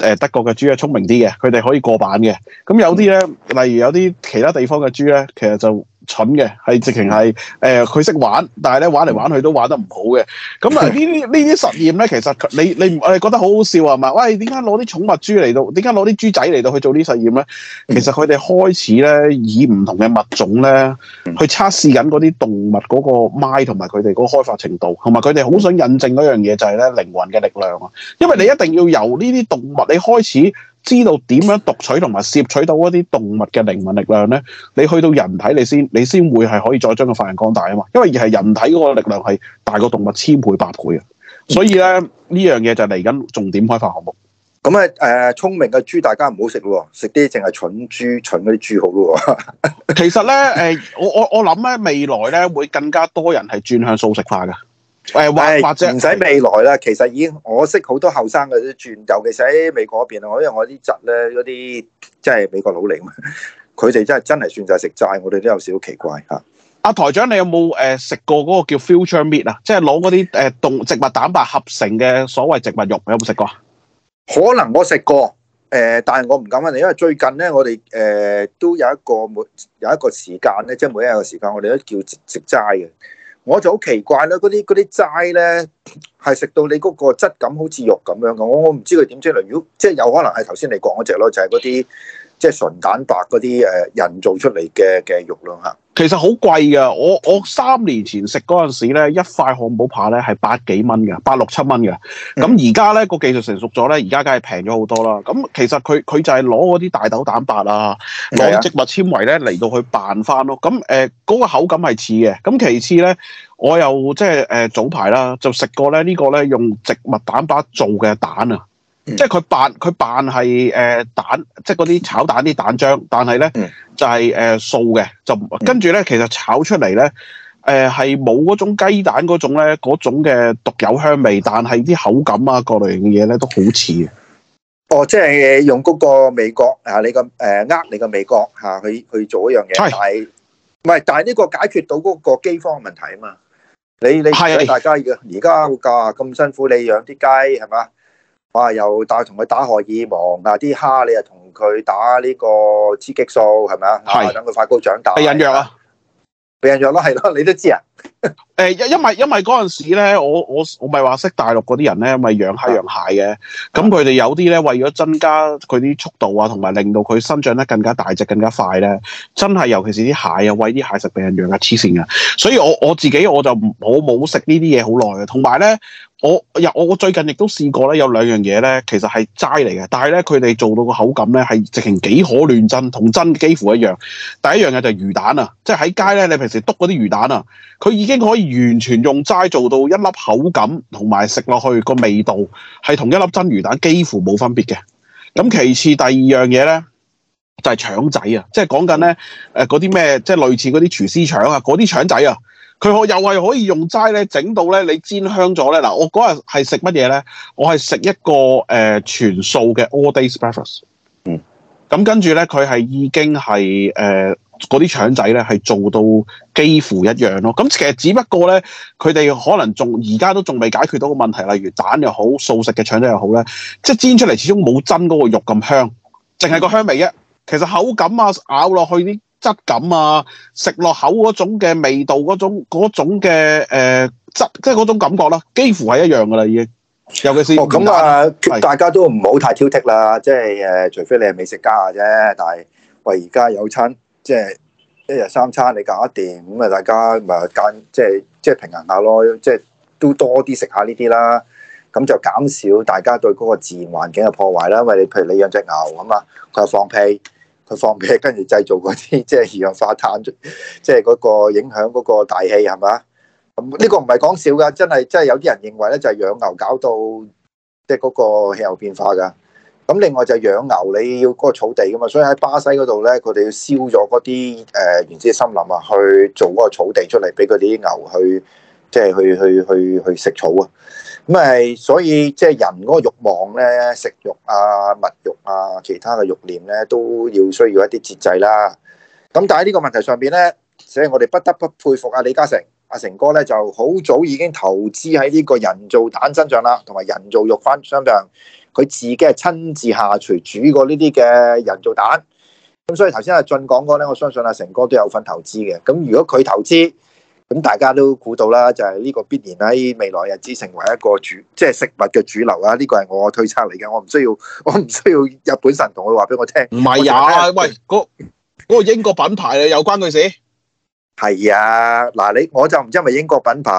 誒德國嘅豬係聰明啲嘅，佢哋可以過版嘅。咁有啲咧，例如有啲其他地方嘅豬咧，其實就。蠢嘅，係直情係誒，佢、呃、識玩，但係咧玩嚟玩去都玩得唔好嘅。咁啊，實驗呢啲呢啲實驗咧，其實你你誒覺得好好笑係嘛？喂，點解攞啲寵物豬嚟到？點解攞啲豬仔嚟到去做驗呢啲實驗咧？其實佢哋開始咧，以唔同嘅物種咧，去測試緊嗰啲動物嗰個邏輯同埋佢哋嗰個開發程度，同埋佢哋好想印證嗰樣嘢就係咧靈魂嘅力量啊！因為你一定要由呢啲動物你開始。知道點樣讀取同埋攝取到一啲動物嘅靈魂力量咧？你去到人體你才，你先你先會係可以再將個髮型放大啊嘛！因為而係人體嗰個力量係大過動物千倍百倍啊！所以咧呢樣嘢就嚟緊重點開發項目。咁咧誒，聰、呃、明嘅豬大家唔好食咯，食啲淨係蠢豬、蠢啲豬好咯。 其實咧誒、呃，我我我諗咧未來咧會更加多人係轉向素食化嘅。誒，或者，唔使未來啦，其實已經我識好多後生嘅都轉，尤其是喺美國嗰邊啊，我因為我啲侄咧，嗰啲即係美國佬嚟嘛，佢哋真係真係算就係食齋，我哋都有少少奇怪吓。阿、啊、台長，你有冇誒食過嗰個叫 Future Meat 啊？即係攞嗰啲誒動植物蛋白合成嘅所謂植物肉，你有冇食過？可能我食過，誒、呃，但係我唔敢問你，因為最近咧，我哋誒、呃、都有一個每有一個時間咧，即、就、係、是、每一日嘅時間，我哋都叫食齋嘅。我就好奇怪啦，嗰啲嗰啲齋咧係食到你嗰個質感好似肉咁樣嘅，我我唔知佢點出嚟，如果即係有可能係頭先你講嗰隻咯，就係嗰啲即係純蛋白嗰啲誒人造出嚟嘅嘅肉量嚇。其實好貴嘅，我我三年前食嗰陣時咧，一塊漢堡扒咧係百幾蚊嘅，百六七蚊嘅。咁而家咧個技術成熟咗咧，而家梗係平咗好多啦。咁其實佢佢就係攞嗰啲大豆蛋白啊，攞植物纖維咧嚟到去扮翻咯。咁誒嗰個口感係似嘅。咁其次咧，我又即係誒早排啦，就食過咧呢個咧用植物蛋白做嘅蛋啊。即係佢扮佢扮係誒蛋，即係嗰啲炒蛋啲蛋漿，但係咧就係誒素嘅，就，是，的就跟住咧其實炒出嚟咧誒係冇嗰種雞蛋嗰種咧嗰種嘅獨有香味，但係啲口感啊各類嘅嘢咧都好似啊！哦，即、就、係、是、用嗰個味覺，呃、味覺啊，你個誒呃你個味覺吓去去做一樣嘢，係唔係？但係呢個解決到嗰個饑荒的問題啊嘛！你你大家嘅而家個價咁辛苦，你養啲雞係嘛？哇、啊！又帶同佢打荷爾蒙啊！啲蝦你又同佢打呢個雌激素，係咪啊？係等佢快高長大。避孕藥啊，避孕藥咯，係咯，你都知啊。誒， 因為那呢呢因為因為嗰陣時咧，我我我咪話識大陸嗰啲人咧，咪養蝦養蟹嘅。咁佢哋有啲咧，為咗增加佢啲速度啊，同埋令到佢生長得更加大隻、更加快咧，真係尤其是啲蟹啊，餵啲蟹食避孕藥啊，黐線啊！所以我我自己我就我冇食呢啲嘢好耐嘅，同埋咧。我又我我最近亦都試過咧，有兩樣嘢咧，其實係齋嚟嘅，但係咧佢哋做到個口感咧係直情幾可亂真，同真幾乎一樣。第一樣嘢就係魚蛋啊，即係喺街咧，你平時篤嗰啲魚蛋啊，佢已經可以完全用齋做到一粒口感同埋食落去個味道係同一粒真魚蛋幾乎冇分別嘅。咁其次第二樣嘢咧就係腸仔啊，即係講緊咧誒嗰啲咩，即係類似嗰啲廚師腸啊，嗰啲腸仔啊。佢又係可以用齋咧，整到咧你煎香咗咧。嗱，我嗰日係食乜嘢咧？我係食一個誒、呃、全素嘅 all day breakfast。嗯，咁跟住咧，佢係已經係誒嗰啲腸仔咧，係做到幾乎一樣咯。咁其實只不過咧，佢哋可能仲而家都仲未解決到個問題，例如蛋又好素食嘅腸仔又好咧，即係煎出嚟，始終冇真嗰個肉咁香，淨係個香味啫。其實口感啊，咬落去啲。質感啊，食落口嗰種嘅味道嗰種，嗰種嘅誒、呃、質，即係嗰種感覺啦，幾乎係一樣噶啦，已經。尤其是咁、哦、啊是，大家都唔好太挑剔啦，即係誒，除非你係美食家啊啫。但係喂，而家有餐即係一日三餐你搞一掂，咁啊，大家咪間即係即係平衡下咯，即係都多啲食下呢啲啦。咁就減少大家對嗰個自然環境嘅破壞啦。因為你譬如你養隻牛啊嘛，佢又放屁。去放屁跟住製造嗰啲即係二氧化碳，即係嗰個影響嗰個大氣係嘛？咁呢個唔係講笑㗎，真係真係有啲人認為咧就係養牛搞到即係嗰個氣候變化㗎。咁另外就係養牛，你要嗰個草地㗎嘛，所以喺巴西嗰度咧，佢哋要燒咗嗰啲誒原始森林啊，去做嗰個草地出嚟，俾佢啲牛去即係去去去去食草啊。咁咪所以即係人嗰個慾望咧，食慾啊、物慾啊、其他嘅慾念咧，都要需要一啲節制啦。咁但喺呢個問題上邊咧，所以我哋不得不佩服阿李嘉誠，阿成哥咧就好早已經投資喺呢個人造蛋身上啦，同埋人造肉翻身上。佢自己係親自下廚煮過呢啲嘅人造蛋。咁所以頭先阿進講過咧，我相信阿成哥都有份投資嘅。咁如果佢投資，咁大家都估到啦，就係、是、呢個必然喺未來日子成為一個主，即、就、係、是、食物嘅主流啦。呢個係我推測嚟嘅，我唔需要，我唔需要日本神同佢話俾我聽。唔係啊，喂，嗰、那個英國品牌啊，有關佢事？係啊，嗱，你我就唔知係咪英國品牌，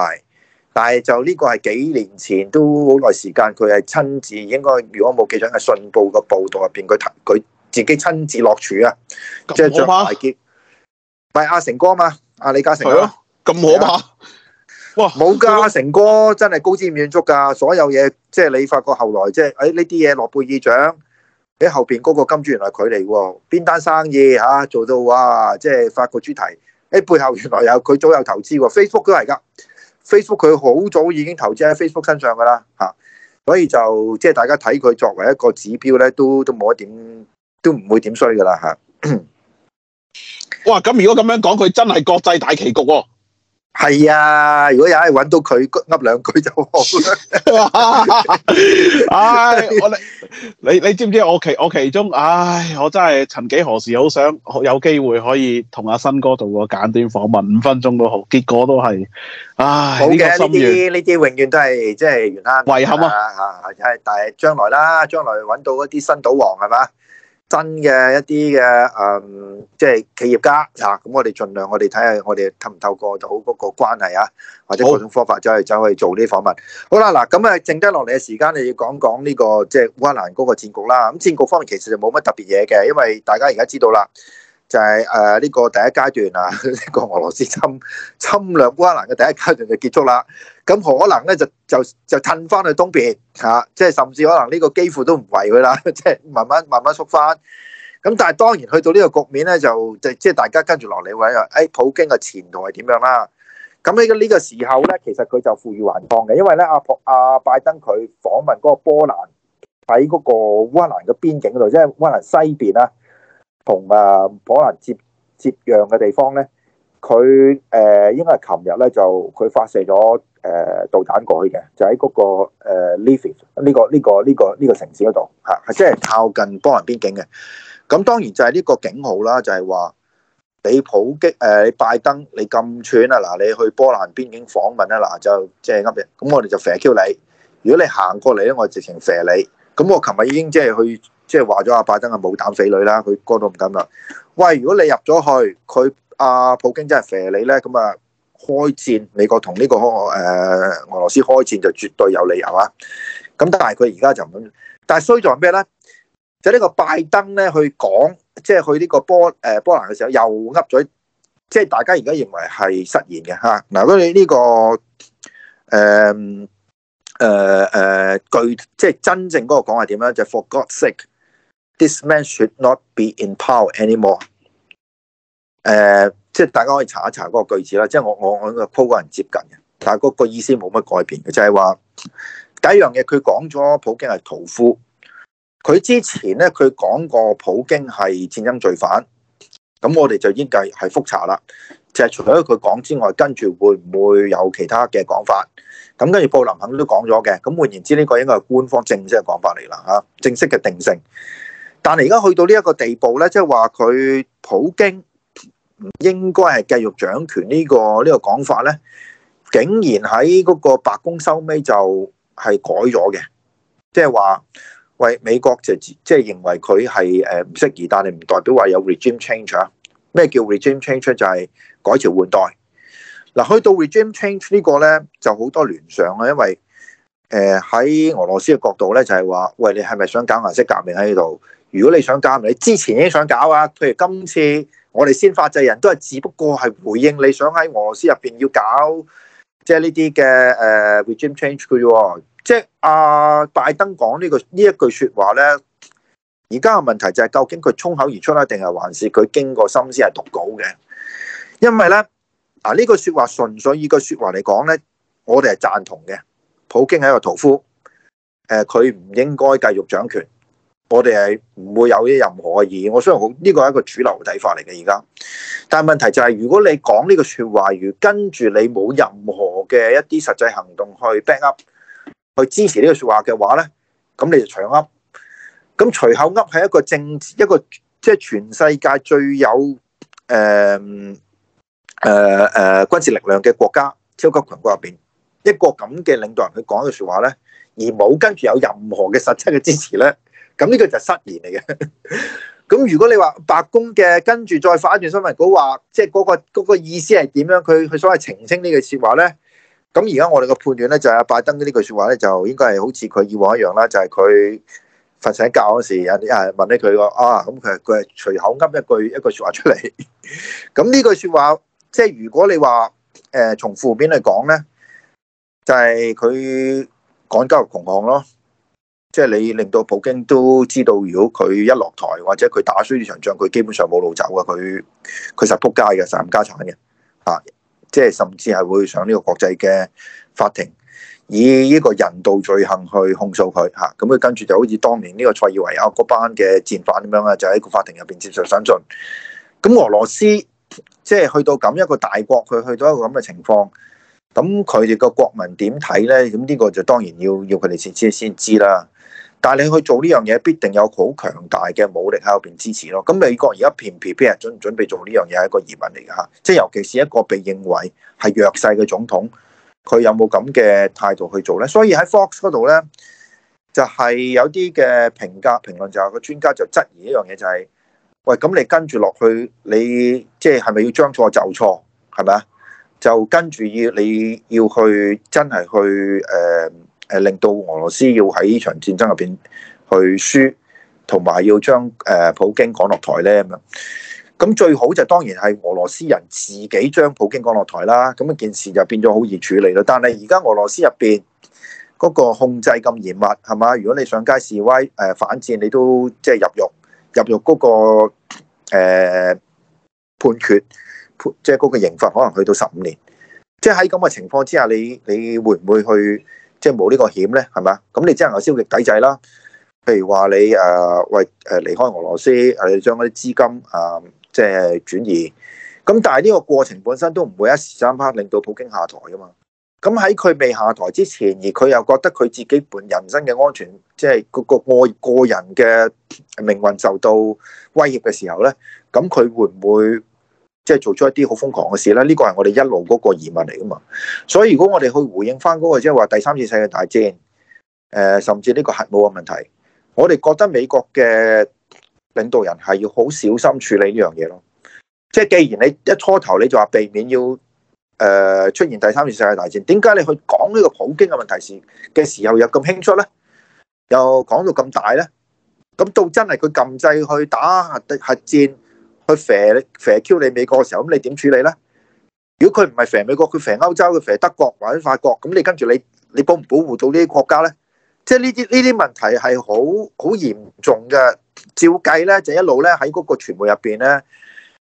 但係就呢個係幾年前都好耐時間，佢係親自應該，如果冇記錯嘅信報個報導入邊，佢佢自己親自落廚啊，即係著大結，咪阿成哥啊嘛，阿李嘉誠咯。咁可怕？哇！冇噶，成哥真係高瞻遠矚噶，所有嘢即係你發覺後來即係，哎呢啲嘢諾貝爾獎喺、哎、後邊嗰個金主原來佢嚟喎，邊單生意嚇、啊、做到哇！即、就、係、是、發個主題，喺、哎、背後原來有佢早有投資喎，Facebook 都係噶，Facebook 佢好早已經投資喺 Facebook 身上噶啦嚇，所以就即係、就是、大家睇佢作為一個指標咧，都都冇乜點都唔會點衰噶啦嚇。哇！咁如果咁樣講，佢真係國際大棋局喎、哦。係啊，如果有係搵到佢噏兩句就好啦。唉，我你你知唔知我其我其中唉、哎，我真係曾幾何時好想有機會可以同阿新哥做個簡短訪問，五分鐘都好，結果都係唉、哎。好嘅呢啲呢啲永遠都係即係完啦。遺憾啊係、啊、但係將來啦，將來搵到一啲新賭王係嘛。新嘅一啲嘅誒，即係企業家嚇，咁、啊、我哋儘量我哋睇下，我哋透唔透過到嗰個關係啊，或者各種方法再走去做啲訪問。好啦，嗱咁啊，剩低落嚟嘅時間你要講講呢、這個即係烏克蘭嗰個戰局啦。咁戰局方面其實就冇乜特別嘢嘅，因為大家而家知道啦。就係誒呢個第一階段啊，呢、這個俄羅斯侵侵略烏克蘭嘅第一階段就結束啦。咁可能咧就就就褪翻去東邊嚇、啊，即係甚至可能呢個幾乎都唔為佢啦，即係慢慢慢慢縮翻。咁但係當然去到呢個局面咧，就即係大家跟住落嚟話誒，普京嘅前途係點樣啦？咁喺呢個時候咧，其實佢就負隅頑抗嘅，因為咧阿阿拜登佢訪問嗰個波蘭喺嗰個烏克蘭嘅邊境度，即係烏克蘭西邊啦。同啊，波蘭接接壤嘅地方咧，佢誒、呃、應該係琴日咧就佢發射咗誒、呃、導彈過去嘅，就喺嗰、那個 Lviv 呢個呢、這個呢、這個呢、這個城市嗰度嚇，即係、就是、靠近波蘭邊境嘅。咁當然就係呢個警號啦，就係、是、話你普京誒，呃、拜登你咁串啊嗱，你去波蘭邊境訪問啊嗱，就即係噏嘢，咁我哋就射 Q 你。如果你行過嚟咧，我直情射你。咁我琴日已經即係去。即係話咗阿拜登係冇膽肥女啦，佢講到唔敢啦。喂，如果你入咗去，佢阿、啊、普京真係肥你咧，咁啊開戰，美國同呢、這個誒、呃、俄羅斯開戰就絕對有理由啊。咁但係佢而家就唔，但係衰在咩咧？就呢個拜登咧去講，即、就、係、是、去呢個波誒波蘭嘅時候又噏咗，即、就、係、是、大家而家認為係失言嘅嚇。嗱、啊，如果你呢、這個誒誒誒具，即、就、係、是、真正嗰個講話點咧？就是、For This man should not be in power anymore。誒、呃，即係大家可以查一查嗰個句子啦。即係我我我 call 嗰人接近嘅，但係嗰個意思冇乜改變嘅，就係、是、話第一樣嘢佢講咗普京係屠夫，佢之前咧佢講過普京係戰爭罪犯，咁我哋就依計係複查啦。就係、是、除咗佢講之外，跟住會唔會有其他嘅講法？咁跟住布林肯都講咗嘅，咁換言之，呢、這個應該係官方正式嘅講法嚟啦吓，正式嘅定性。但係而家去到呢一個地步咧，即係話佢普京唔應該係繼續掌權、呢個呢個、呢個呢講法咧，竟然喺嗰個白宮收尾就係改咗嘅，即係話喂美國就即係、就是、認為佢係唔適宜，但係唔代表話有 regime change 啊。咩叫 regime change 就係改朝換代嗱。去到 regime change 呢個呢個咧就好多聯想啊，因為誒喺、呃、俄羅斯嘅角度咧就係、是、話喂你係咪想搞顏色革命喺呢度？如果你想搞埋，你之前已經想搞啊。譬如今次我哋先發制人，都係只不過係回應你想喺俄羅斯入邊要搞，即係呢啲嘅誒 regime change 嘅啫。即係、啊、阿拜登講呢、呢個呢一句説話咧，而家嘅問題就係究竟佢衝口而出啦，定係還是佢經過心思係讀稿嘅？因為咧，嗱呢句説話純粹以個說話來說呢句説話嚟講咧，我哋係贊同嘅。普京係一個屠夫，誒佢唔應該繼續掌權。我哋係唔會有啲任何嘅嘢。我相信好呢個係一個主流睇法嚟嘅，而家，但係問題就係，如果你講呢個説話，如跟住你冇任何嘅一啲實際行動去 back up，去支持呢個説話嘅話咧，咁你就隨口噏。咁隨口噏係一個政治，一個即係全世界最有誒誒誒軍事力量嘅國家，超級強國入邊一個咁嘅領導人去講呢個説話咧，而冇跟住有任何嘅實質嘅支持咧。咁呢句就失言嚟嘅。咁如果你話白宮嘅跟住再發一段新聞稿說，話即係、那、嗰個、嗰個意思係點樣？佢佢所謂澄清句呢句說話咧。咁而家我哋個判斷咧就係、是、阿拜登句呢句說話咧就應該係好似佢以往一樣啦，就係佢瞓醒覺嗰時有啲誒問咧佢話啊，咁佢佢係隨口噏一句一句說話出嚟。 咁呢句說話即係如果你話誒從負面嚟講咧，就係佢講鳩窮巷咯。即係你令到普京都知道，如果佢一落台或者佢打輸呢場仗，佢基本上冇路走啊！佢佢實扑街嘅，實冚家鏟嘅，啊！即係甚至係會上呢個國際嘅法庭，以呢個人道罪行去控訴佢，吓，咁佢跟住就好似當年呢個塞爾維亞嗰班嘅戰犯咁樣啊，就喺個法庭入邊接受審訊。咁俄羅斯即係去到咁一個大國，佢去到一個咁嘅情況，咁佢哋個國民點睇咧？咁呢個就當然要要佢哋先先知啦。但係你去做呢樣嘢必定有好強大嘅武力喺入邊支持咯。咁美國而家片偏邊日準唔準備做呢樣嘢，係一個疑問嚟嘅嚇，即係尤其是一個被認為係弱勢嘅總統，佢有冇咁嘅態度去做咧？所以喺 Fox 嗰度咧，就係、是、有啲嘅評價評論就係個專家就質疑呢樣嘢就係、是，喂咁你跟住落去，你即係係咪要將錯就錯係咪啊？就跟住要你要去真係去誒？呃誒令到俄羅斯要喺呢場戰爭入邊去輸，同埋要將誒普京趕落台咧咁樣。咁最好就是當然係俄羅斯人自己將普京趕落台啦。咁一件事就變咗好易處理啦。但係而家俄羅斯入邊嗰個控制咁嚴密係嘛？如果你上街示威誒反戰，你都即係入獄入獄嗰個誒、呃、判決，即係嗰個刑罰可能去到十五年。即係喺咁嘅情況之下，你你會唔會去？即係冇呢個險咧，係咪啊？咁你只能夠消極抵制啦。譬如話你誒，喂、呃、誒離開俄羅斯，係將嗰啲資金啊，即、呃、係、就是、轉移。咁但係呢個過程本身都唔會一時三刻令到普京下台噶嘛。咁喺佢未下台之前，而佢又覺得佢自己本人身嘅安全，即、就、係、是、個個個人嘅命運受到威脅嘅時候咧，咁佢會唔會？即係做出一啲好瘋狂嘅事啦，呢個係我哋一路嗰個疑問嚟噶嘛。所以如果我哋去回應翻嗰個，即係話第三次世界大戰，誒，甚至呢個核武嘅問題，我哋覺得美國嘅領導人係要好小心處理呢樣嘢咯。即係既然你一初頭你就話避免要誒出現第三次世界大戰，點解你去講呢個普京嘅問題時嘅時候又咁輕率咧？又講到咁大咧？咁到真係佢撳掣去打核核戰？佢肥肥 Q 你美國嘅時候，咁你點處理咧？如果佢唔係肥美國，佢肥歐洲，佢肥德國或者法國，咁你跟住你你保唔保護到呢啲國家咧？即係呢啲呢啲問題係好好嚴重嘅。照計咧，就一路咧喺嗰個傳媒入邊咧，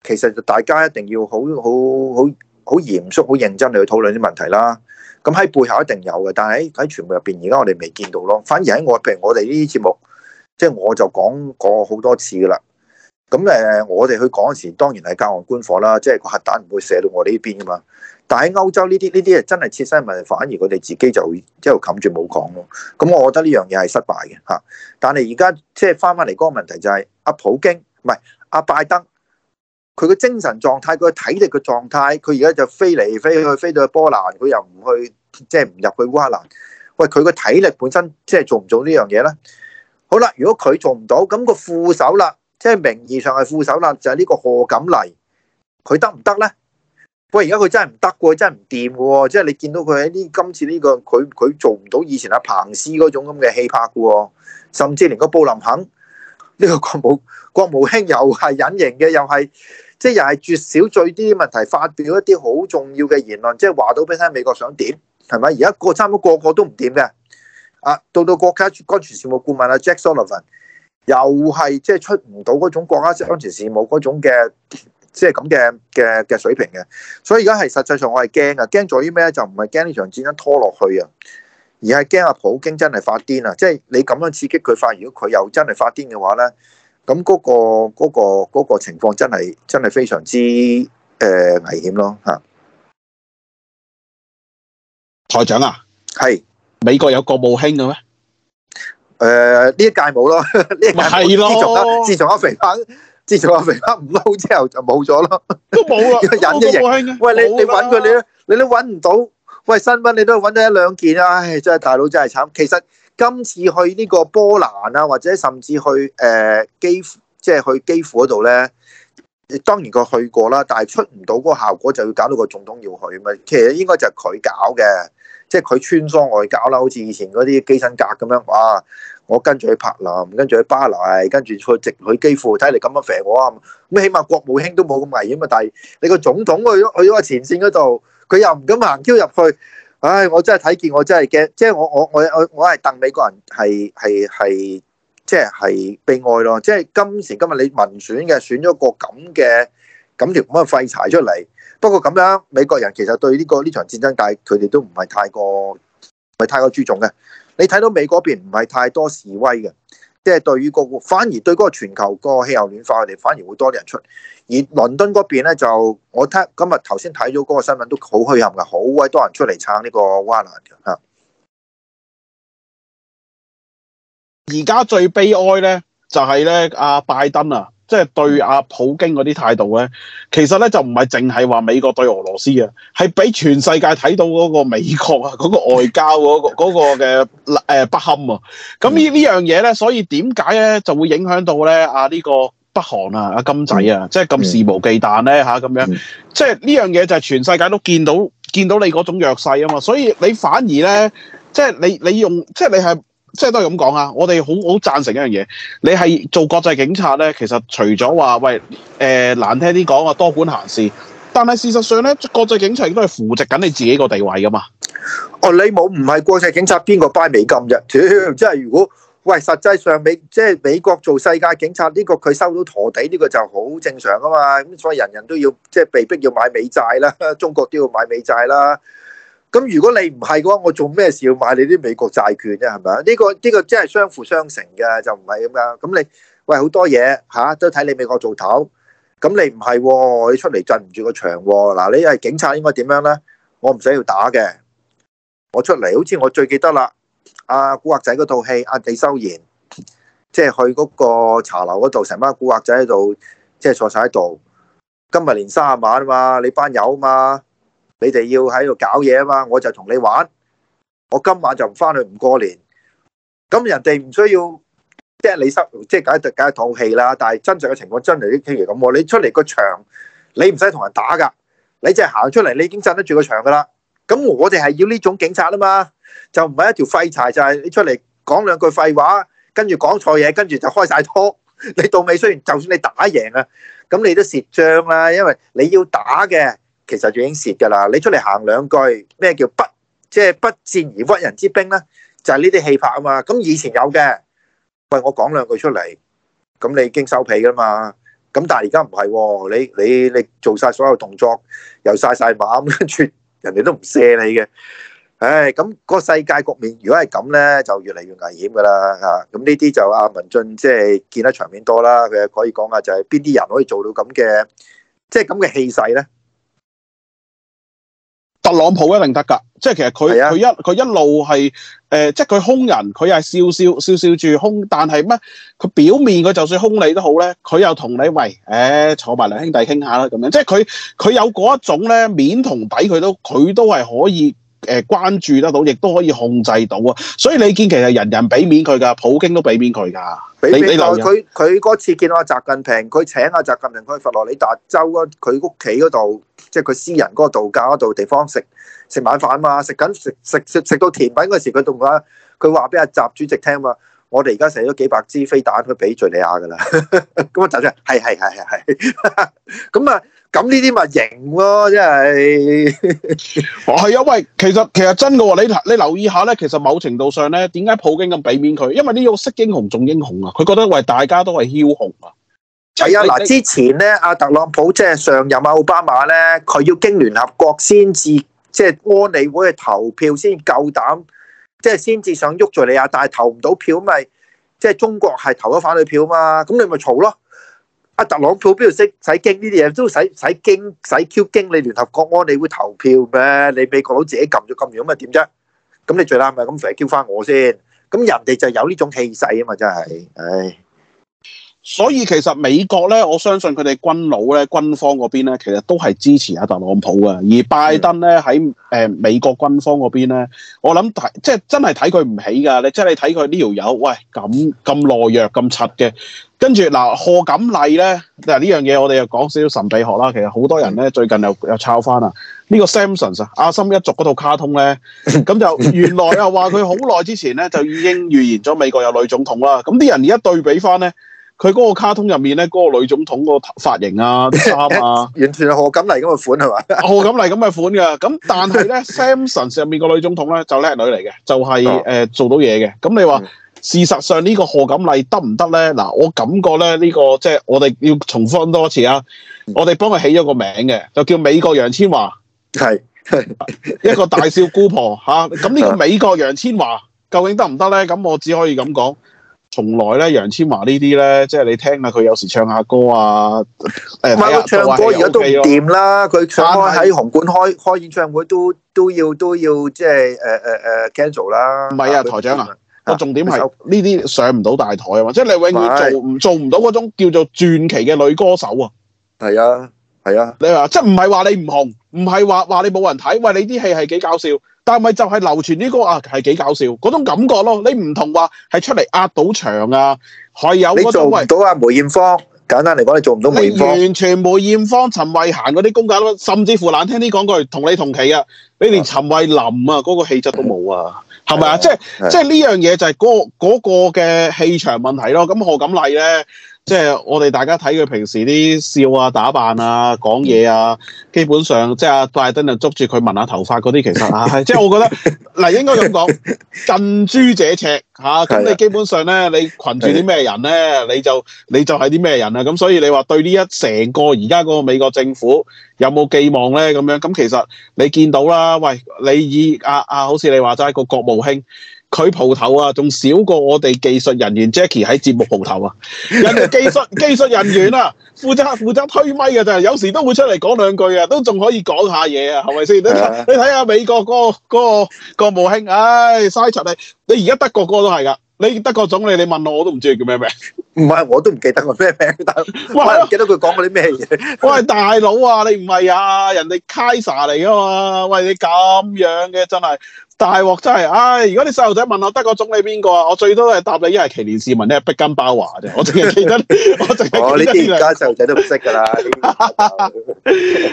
其實大家一定要好好好好嚴肅、好認真嚟去討論啲問題啦。咁喺背後一定有嘅，但係喺喺傳媒入邊，而家我哋未見到咯。反而喺我譬如我哋呢啲節目，即係我就講過好多次噶啦。咁我哋去講時，當然係隔岸觀火啦，即係個核彈唔會射到我哋呢邊噶嘛。但係喺歐洲呢啲呢啲係真係切身問題，反而佢哋自己就一路冚住冇講咯。咁我覺得呢樣嘢係失敗嘅。但係而家即係翻翻嚟嗰個問題就係阿普京唔係阿拜登，佢個精神狀態，佢體力嘅狀態，佢而家就飛嚟飛去，飛到波蘭，佢又唔去，即係唔入去烏克蘭。喂，佢個體力本身即係做唔做呢樣嘢咧。好啦，如果佢做唔到，咁個副手啦。即係名義上係副手啦，就係呢個賀錦麗，佢得唔得咧？喂，而家佢真係唔得喎，真係唔掂喎。即係你見到佢喺呢今次呢個，佢佢做唔到以前阿彭斯嗰種咁嘅氣魄嘅喎，甚至連個布林肯呢個國務國務卿又係隱形嘅，又係即係又係絕少最啲問題發表一啲好重要嘅言論，即係話到俾聽美國想點係咪？而家個差唔多個個都唔掂嘅。啊，到到國家安全事務顧問阿 Jack Sullivan。又係即係出唔到嗰種國家級安全事務嗰種嘅，即係咁嘅嘅嘅水平嘅。所以而家係實際上我係驚啊，驚在於咩就唔係驚呢場戰爭拖落去啊，而係驚阿普京真係發癲啊！即係你咁樣刺激佢發，如果佢又真係發癲嘅話咧，咁嗰個嗰個嗰個情況真係真係非常之誒危險咯吓。台長啊，係美國有國務卿嘅咩？誒、呃、呢一屆冇咯，呢一屆自從一自從阿肥彭，自從阿肥彭唔撈之後就冇咗咯，都冇啦，忍 一型，喂，你你揾佢你，你都你都揾唔到，喂新聞你都揾到一兩件啊，唉真係大佬真係慘。其實今次去呢個波蘭啊，或者甚至去誒基，即、呃、係、就是、去基輔嗰度咧，當然佢去過啦，但係出唔到嗰個效果，就要搞到個總統要去咪？其實應該就係佢搞嘅，即係佢穿梭外交啦，好似以前嗰啲基辛格咁樣，哇！我跟住去柏林，跟住去巴黎，跟住去直去幾乎睇你咁樣肥我啊！咁起碼國務卿都冇咁危險啊。但係你個總統去咗去咗前線嗰度，佢又唔敢行 Q 入去。唉，我真係睇見，我真係驚。即係我我我我我係戥美國人係係係即係係悲哀咯。即係今時今日你民選嘅選咗個咁嘅咁條咁嘅廢柴出嚟。不過咁樣美國人其實對呢個呢場戰爭，但係佢哋都唔係太過唔係太過注重嘅。你睇到美國嗰邊唔係太多示威嘅，即、就、係、是、對於、那個反而對嗰個全球個氣候暖化，佢哋反而會多啲人出。而倫敦嗰邊咧就，我睇今日頭先睇咗嗰個新聞都好虛憾嘅，好鬼多人出嚟撐呢個 Walland 啊！而家最悲哀咧就係咧阿拜登啊！即係對阿普京嗰啲態度咧，其實咧就唔係淨係話美國對俄羅斯嘅，係俾全世界睇到嗰個美國啊嗰 個外交嗰、嗰個嘅誒、呃、不堪啊！咁呢呢樣嘢咧，所以點解咧就會影響到咧啊呢、呢個北韓啊阿金仔啊， 即係咁肆無忌憚咧吓，咁、啊、樣， 即係呢樣嘢就係全世界都見到見到你嗰種弱勢啊嘛，所以你反而咧即係你你用即係你係。即係都係咁講啊！我哋好好贊成一樣嘢，你係做國際警察咧，其實除咗話喂，誒、呃、難聽啲講啊，多管閒事。但係事實上咧，國際警察亦都係扶植緊你自己個地位噶嘛。哦，你冇唔係國際警察，邊個 buy 美金啫？即 係如果喂，實際上美即係美國做世界警察呢個佢收到陀地呢個就好正常噶嘛。咁所以人人都要即係被逼要買美債啦，中國都要買美債啦。咁如果你唔係嘅話，我做咩事要買你啲美國債券啊？係咪啊？呢個呢個真係相輔相成嘅，就唔係咁噶。咁你喂好多嘢吓，都睇你美國做頭。咁你唔係，喎，你出嚟鎮唔住個場喎。嗱。你係警察，應該點樣咧？我唔使要打嘅。我出嚟，好似我最記得啦。阿古惑仔嗰套戲，阿李修賢，即係去嗰個茶樓嗰度，成班古惑仔喺度，即係坐晒喺度。今日連三啊晚啊嘛，你班友啊嘛。你哋要喺度搞嘢啊嘛，我就同你玩。我今晚就唔翻去，唔過年。咁人哋唔需要即係、就是、你失，即、就、係、是、解就解一套戲啦。但係真實嘅情況真係譬如咁。你出嚟個場，你唔使同人打噶，你只係行出嚟，你已經震得住個場噶啦。咁我哋係要呢種警察啊嘛，就唔係一條廢柴，就係、是、你出嚟講兩句廢話，跟住講錯嘢，跟住就開晒拖。你到尾雖然就算你打贏啊，咁你都蝕賬啦，因為你要打嘅。其實就已經蝕噶啦！你出嚟行兩句咩叫不即係不戰而屈人之兵咧？就係呢啲氣魄啊嘛！咁以前有嘅，喂，我講兩句出嚟，咁你已經收皮噶嘛？咁但係而家唔係喎，你你你做曬所有動作，又曬曬馬咁，跟住人哋都唔射你嘅。唉，咁個世界局面如果係咁咧，就越嚟越危險噶啦嚇。咁呢啲就阿文進即係見得場面多啦，佢可以講下就係邊啲人可以做到咁嘅，即係咁嘅氣勢咧？特朗普一定得㗎，即係其實佢佢一佢一路係誒、呃，即係佢兇人，佢係笑笑笑笑住兇，但係乜佢表面佢就算兇你都好咧，佢又同你喂，誒、哎，坐埋兩兄弟傾下啦咁樣，即係佢佢有嗰一種咧，面同底佢都佢都係可以。誒關注得到，亦都可以控制到啊！所以你見其實人人俾面佢㗎，普京都俾面佢㗎。俾面佢，佢佢嗰次見到阿習近平，佢請阿習近平，去佛羅里達州啊，佢屋企嗰度，即係佢私人嗰度假嗰度地方食食晚飯嘛，食緊食食食食到甜品嗰時候，佢同佢，佢話俾阿習主席聽嘛。我哋而家射咗幾百支飛彈去俾敍利亞㗎啦，咁啊走咗，係係係係係，咁啊咁呢啲咪型咯，即係，係啊、哦、喂，其實其實真嘅喎，你你留意一下咧，其實某程度上咧，點解普京咁俾面佢？因為呢種識英雄重英雄啊，佢覺得喂大家都係梟雄啊，係、就是、啊嗱，之前咧阿特朗普即係上任啊，奧巴馬咧，佢要經聯合國先至即係安理會去投票先夠膽。即係先至想喐住你啊！但係投唔到票，咪即係中國係投咗反對票嘛？咁你咪嘈咯！阿特朗普邊度識使驚呢啲嘢？都使使驚使 Q 驚你聯合國安理會投票咩？你美國佬自己撳咗咁樣，咁咪點啫？咁你最嬲咪咁肥 Q 返我先！咁人哋就有呢種氣勢啊嘛！真係，唉、哎、～所以其實美國咧，我相信佢哋軍佬咧，軍方嗰邊咧，其實都係支持阿特朗普嘅。而拜登咧喺誒美國軍方嗰邊咧，我諗睇即係真係睇佢唔起噶。你即係你睇佢呢條友，喂，咁咁懦弱咁柒嘅。跟住嗱賀錦麗咧嗱呢樣嘢，我哋又講少少神秘學啦。其實好多人咧最近又又抄翻啦。呢、這個 Samson 阿森一族嗰套卡通咧，咁 就原來又話佢好耐之前咧就已經預言咗美國有女總統啦。咁啲人而家對比翻咧。佢嗰個卡通入面咧，嗰、那個女總統個髮型啊、衫啊， 完全係賀錦麗咁嘅款係嘛？ 賀錦麗咁嘅款㗎。咁但係咧 Samson 上入面個女總統咧就叻女嚟嘅，就係、就是啊呃、做到嘢嘅。咁你話、嗯、事實上呢、這個賀錦麗得唔得咧？嗱，我感覺咧呢、這個即係、就是、我哋要重複多次啊，嗯、我哋幫佢起咗個名嘅，就叫美國楊千嬅，係 一個大笑姑婆嚇。咁、啊、呢個美國楊千嬅究竟得唔得咧？咁我只可以咁講。從來咧，楊千嬅呢啲咧，即係你聽下佢有時唱下歌啊。唔、呃、係 佢唱歌而家都唔掂啦，佢唱開喺紅館開開演唱會都都要都要即係誒誒誒 cancel 啦。唔係啊，台長啊，個、啊、重點係呢啲上唔到大台啊嘛，啊即係你永遠做唔做唔到嗰種叫做傳奇嘅女歌手啊。係啊，係啊，你話即係唔係話你唔紅，唔係話話你冇人睇，喂，你啲戲係幾搞笑。但咪就係流傳呢、這個啊，係幾搞笑，嗰種感覺咯。你唔同話係出嚟壓賭場啊，係有嗰種。你做唔到啊，梅艷芳。簡單嚟講，你做唔到梅艷芳。你完全梅艷芳、陳慧嫻嗰啲風格咯，甚至乎難聽啲講句，同你同期啊，你連陳慧琳啊嗰個氣質都冇啊，係、啊、咪啊？啊即係、啊、即係呢樣嘢就係嗰、嗰個嘅氣、那個、場問題咯。咁何錦麗咧？即係我哋大家睇佢平時啲笑啊、打扮啊、講嘢啊，基本上即係阿拜登就捉住佢聞下頭髮嗰啲，其實 啊，即係我覺得嗱，應該咁講近朱者赤吓，咁你基本上咧，你群住啲咩人咧，你就你就係啲咩人啊？咁所以你話對呢一成個而家個美國政府有冇寄望咧？咁樣咁其實你見到啦，喂，你以啊啊好似你話齋個國務卿。佢蒲頭啊，仲少過我哋技術人員 Jacky 喺節目蒲頭啊！人哋技術 技術人員啊，負責負責推咪嘅咋，有時都會出嚟講兩句啊，都仲可以講下嘢啊，係咪先？你睇下美國嗰個嗰個國務卿，唉，嘥柒你！你而家德國個都係㗎，你德國總理你問我我都唔知佢叫咩名。唔係，我都唔記得我咩名得，但我唔記得佢講嗰啲咩嘢。喂，大佬啊，你唔係啊，人哋 Kaiser 嚟噶嘛？喂，你咁樣嘅真係大鑊，真係。唉、哎，如果你細路仔問我德國總理邊個啊，我最多係答你一係奇連斯文，一係畢根包華啫。我淨係記得， 我淨係記得呢啲家細路仔都唔識㗎啦。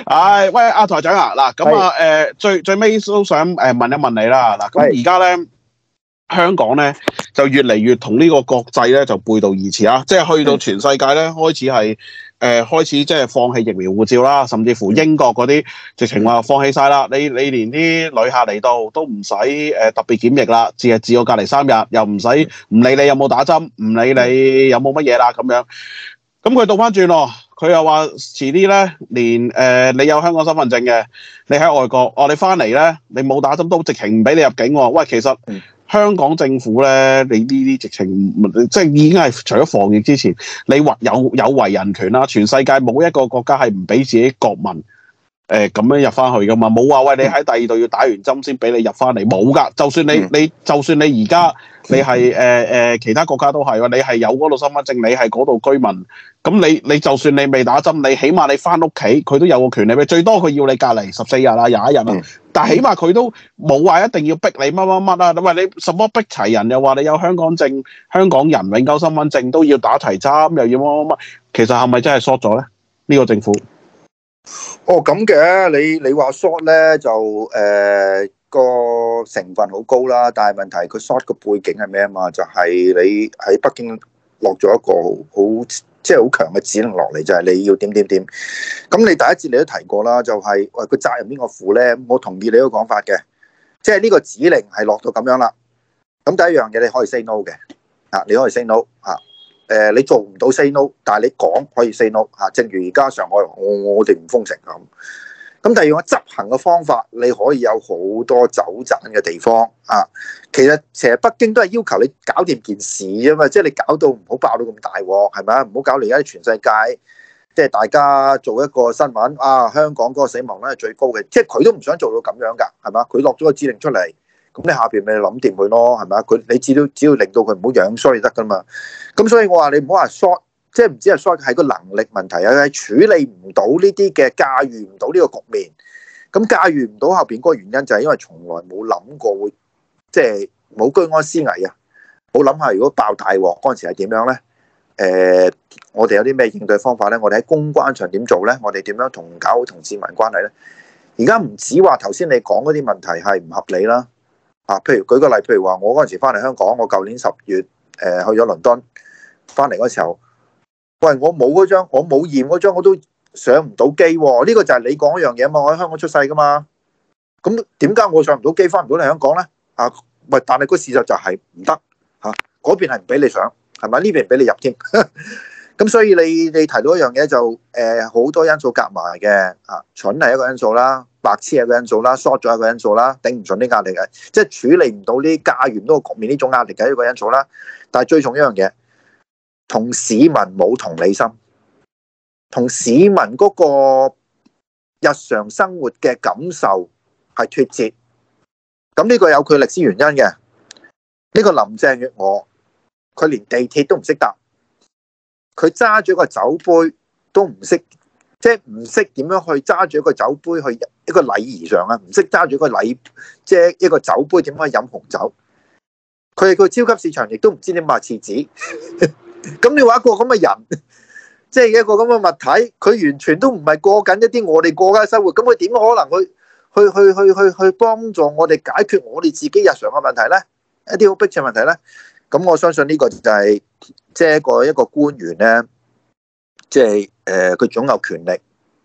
唉， 喂，阿、啊、台長啊，嗱，咁、嗯、啊，誒、呃，最最尾都想誒、呃、問一問你啦。嗱、嗯，咁而家咧。香港咧就越嚟越同呢個國際咧就背道而馳啦。即係去到全世界咧開始係誒、呃、開始即係放棄疫苗護照啦，甚至乎英國嗰啲直情話放棄晒啦。你你連啲旅客嚟到都唔使誒特別檢疫啦，只係自我隔離三日，又唔使唔理你有冇打針，唔理你有冇乜嘢啦咁樣。咁佢倒翻轉喎。佢又話遲啲咧，連誒、呃、你有香港身份證嘅，你喺外國哦，你翻嚟咧，你冇打針都直情唔俾你入境。喂，其實。香港政府咧，你呢啲直情即係已經係除咗防疫之前，你話有有為人權啦！全世界冇一個國家係唔俾自己國民誒咁、呃、樣入翻去噶嘛，冇話喂，你喺第二度要打完針先俾你入翻嚟，冇噶。就算你、嗯、你就算你而家你係誒誒其他國家都係啊，你係有嗰度身份證，你係嗰度居民，咁你你就算你未打針，你起碼你翻屋企佢都有個權利，最多佢要你隔離十四日啦，廿一日啊。但起碼佢都冇話一定要逼你乜乜乜啊！餵你什麼逼齊人，又話你有香港證、香港人永久身份證都要打齊針，又要乜乜乜，其實係咪真係 short 咗咧？呢個政府哦咁嘅，你你話 short 咧就誒個成分好高啦，但係問題佢 short 個背景係咩啊嘛？就係你喺北京落咗一個好，即係好強嘅指令落嚟，就係你要點點點，咁你第一節你都提過啦、哎，就係喂佢責任邊個負咧？我同意你個講法嘅，即係呢個指令係落到咁樣啦。咁第一樣嘢你可以 say no 嘅，啊你可以 say no 嚇，誒你做唔到 say no，但係你講可以 say no 嚇。正如而家上海，我我哋唔封城咁。咁第二個執行嘅方法，你可以有好多走盞嘅地方啊！其實成日北京都係要求你搞掂件事啊嘛，即係你搞到唔好爆到咁大鑊，係咪啊？唔好搞你而家啲全世界，即係大家做一個新聞啊！香港嗰個死亡率係最高嘅，即係佢都唔想做到咁樣㗎，係嘛？佢落咗個指令出嚟，咁你下邊咪諗掂佢咯，係咪啊？佢你只要只要令到佢唔好樣衰就得㗎嘛。咁所以我話你唔好話 short。即係唔知係衰係個能力問題，又係處理唔到呢啲嘅，駕馭唔到呢個局面。咁駕馭唔到後邊嗰個原因就係因為從來冇諗過會，即係冇居安思危啊！冇諗下如果爆大鑊嗰陣時係點樣咧？誒、呃，我哋有啲咩應對方法咧？我哋喺公關上點做咧？我哋點樣同搞好同市民關係咧？而家唔止話頭先你講嗰啲問題係唔合理啦。啊，譬如舉個例，譬如話我嗰陣時翻嚟香港，我舊年十月誒、呃、去咗倫敦，翻嚟嗰時候。喂，我冇嗰張，我冇驗嗰張，我都上唔到機。呢個就係你講一樣嘢嘛，我喺香港出世噶嘛。咁點解我上唔到機，翻唔到嚟香港咧？啊，喂，但係個事實就係唔得吓，嗰邊係唔俾你上，係咪？呢邊俾你入添。咁所以你你提到一樣嘢就誒，好多因素夾埋嘅。啊，蠢係一個因素啦，白痴係一個因素啦，short 咗係一個因素啦，頂唔順啲壓力嘅，即係處理唔到呢家盤都個局面呢種壓力嘅一個因素啦、就是。但係最重要一樣嘢。同市民冇同理心，同市民嗰個日常生活嘅感受係脫節。咁呢個有佢歷史原因嘅。呢個林鄭月娥，佢連地鐵都唔識搭，佢揸住個酒杯都唔識，即係唔識點樣去揸住個酒杯去一個禮儀上啊，唔識揸住個禮，即係一個酒杯點可以飲紅酒。佢哋去超級市場亦都唔知點買廁紙。 咁你話一個咁嘅人，即係一個咁嘅物體，佢完全都唔係過緊一啲我哋過緊嘅生活，咁佢點可能去去去去去去幫助我哋解決我哋自己日常嘅問題咧？一啲好迫切問題咧？咁我相信呢個就係即係一個一個官員咧，即係誒，佢，呃，總有權力，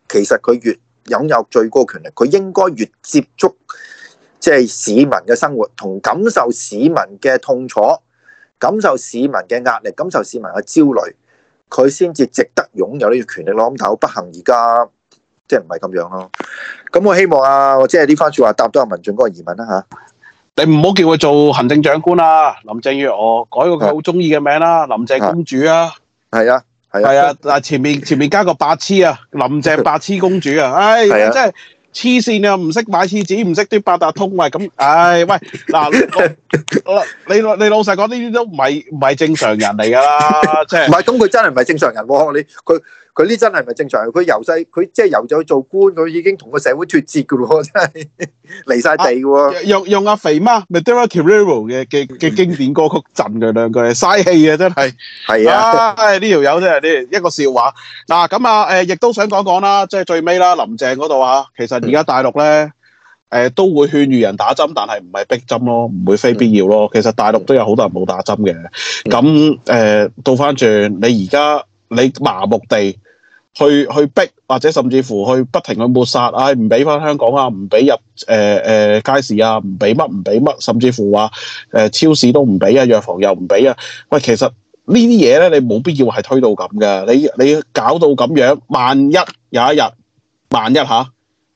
其實佢越擁有最高權力，佢應該越接觸即係市民嘅生活同感受市民嘅痛楚。感受市民嘅壓力，感受市民嘅焦慮，佢先至值得擁有呢個權力咯。好不幸而，而家即係唔係咁樣咯。咁我希望啊，即係呢番説話答到阿文俊嗰個疑問啦吓。你唔好叫佢做行政長官啦，林鄭月娥改個佢好中意嘅名啦、啊，林鄭公主啊。係啊，係啊，啊。嗱、啊啊啊，前面前面加個白痴啊，林鄭白痴公主啊。唉、 哎，啊、真係～黐線啊！唔識買廁紙，唔識啲八達通啊！咁，唉、哎、喂，嗱， 你你老實講，呢啲都唔係唔係正常人嚟㗎啦，即係唔係？咁佢真係唔係正常人喎？你佢。佢呢真係咪正常？佢由細，佢即係由咗去做官，佢已經同個社會脫節噶咯，真係離晒地噶喎、啊。用用阿、啊、肥媽《Mister Kiro》嘅嘅嘅經典歌曲震佢兩句，嘥氣啊真係。係啊，呢條友真係呢一個笑話。嗱咁啊，誒亦、呃、都想講講啦，即、就、係、是、最尾啦，林鄭嗰度啊，其實而家大陸咧，誒、呃、都會勸喻人打針，但係唔係逼針咯，唔會非必要咯。其實大陸都有好多人冇打針嘅。咁誒倒翻轉，你而家你麻木地。去去逼或者甚至乎去不停去抹殺啊！唔俾翻香港啊！唔俾入誒誒街市啊！唔俾乜唔俾乜，甚至乎話誒、呃、超市都唔俾啊，藥房又唔俾啊！喂、哎，其實呢啲嘢咧，你冇必要係推到咁嘅。你你搞到咁樣，萬一有一日，萬一吓、啊、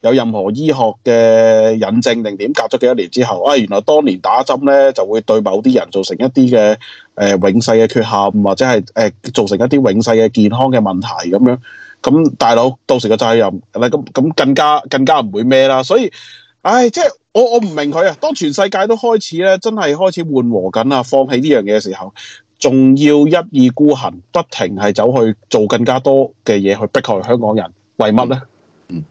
有任何醫學嘅引證定點隔咗幾多年之後，啊、哎，原來當年打針咧就會對某啲人造成一啲嘅誒永世嘅缺陷或者係誒、呃、造成一啲永世嘅健康嘅問題咁樣。咁大佬到時嘅責任，嗱咁咁更加更加唔會咩啦，所以，唉，即係我我唔明佢啊，當全世界都開始咧，真係開始緩和緊啊，放棄呢樣嘢嘅時候，仲要一意孤行，不停係走去做更加多嘅嘢去逼害香港人，為乜咧？嗯，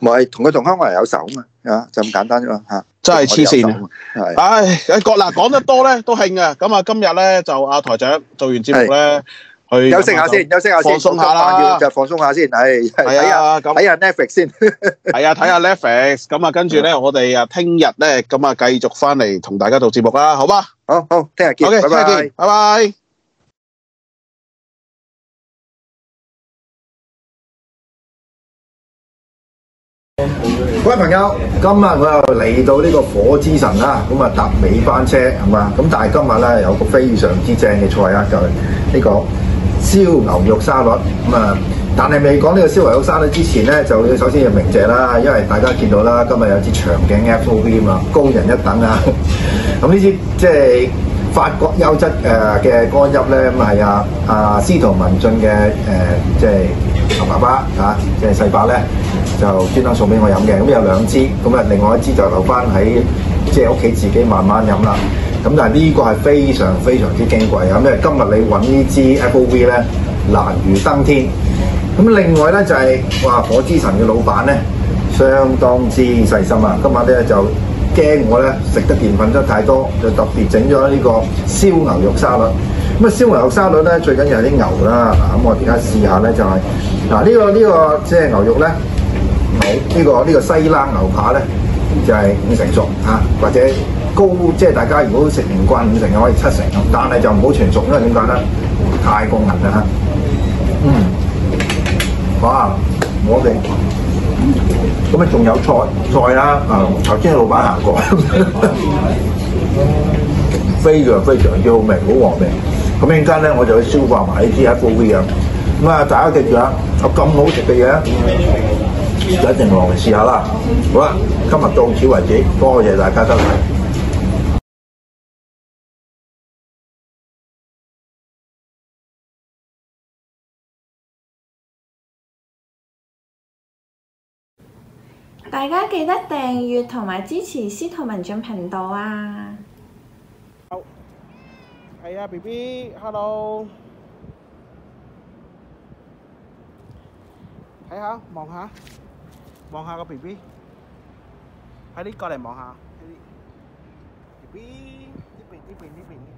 唔係同佢同香港人有仇啊嘛，啊就咁簡單啫嘛吓，真係黐線，係，唉，國嗱講得多咧都興噶，咁啊今日咧就阿台長做完節目咧。休息下先，休息下，休息下先放一下，放鬆下啦，就放鬆下，啊、先放一下，係、啊，睇下咁，睇下 Netflix 先，係啊，睇下 Netflix，咁 啊，跟住咧， 我哋啊，聽日咧，咁啊，繼續翻嚟同大家做節目啦，好嗎？好好，聽日見，okay，見，拜拜，拜拜。各位朋友，今日我又嚟到呢個火之神啦，咁啊，搭尾班車係嘛？咁但係今日咧有個非常之正嘅菜啊，就係呢個燒牛肉沙律。咁啊，但係未講呢個燒牛肉沙律之前咧，就要首先要鳴謝啦，因為大家見到啦，今日有支長頸 FOP 啊嘛，高人一等啊，咁呢支，即係。法國優質誒嘅干邑咧，咁係啊啊司徒文進嘅誒，即係阿爸爸啊，即、就、係、是、細伯咧，就專登送俾我飲嘅。咁、嗯、有兩支，咁、嗯、啊另外一支就留翻喺即係屋企自己慢慢飲啦。咁、嗯、但係呢個係非常非常之矜貴啊！因、嗯、為今日你揾呢支 f p p l 咧難如登天。咁、嗯、另外咧就係、是、哇，火之神嘅老闆咧相當之細心啊！今晚咧就～驚我咧食得澱粉質太多，就特別整咗呢個燒牛肉沙律。咁啊，燒牛肉沙律咧最緊要係啲牛啦。咁，我而家試下咧就係，嗱，呢個呢個即係牛肉咧，牛，呢個呢個西冷牛扒咧就係五成熟啊，或者高即係大家如果食唔慣五成嘅可以七成，但係就唔好全熟，因為點解咧？太過韌啦，吓。嗯，好啊，我哋。咁啊，仲有菜菜啦，啊、嗯，頭先老闆行過，呵呵非常非常之好味，好和味。咁陣間咧，我就去消化埋啲喺高啲啊。咁啊，大家記住啊，有咁好食嘅嘢，就一定落嚟試下啦。好啦，今日到此為止，多謝大家收睇。大家記得訂閱同埋支持司徒文進頻道啊！好，係啊，B B，hello，睇下望下望下個 B B，快啲過嚟望下，B B，一平一平一平。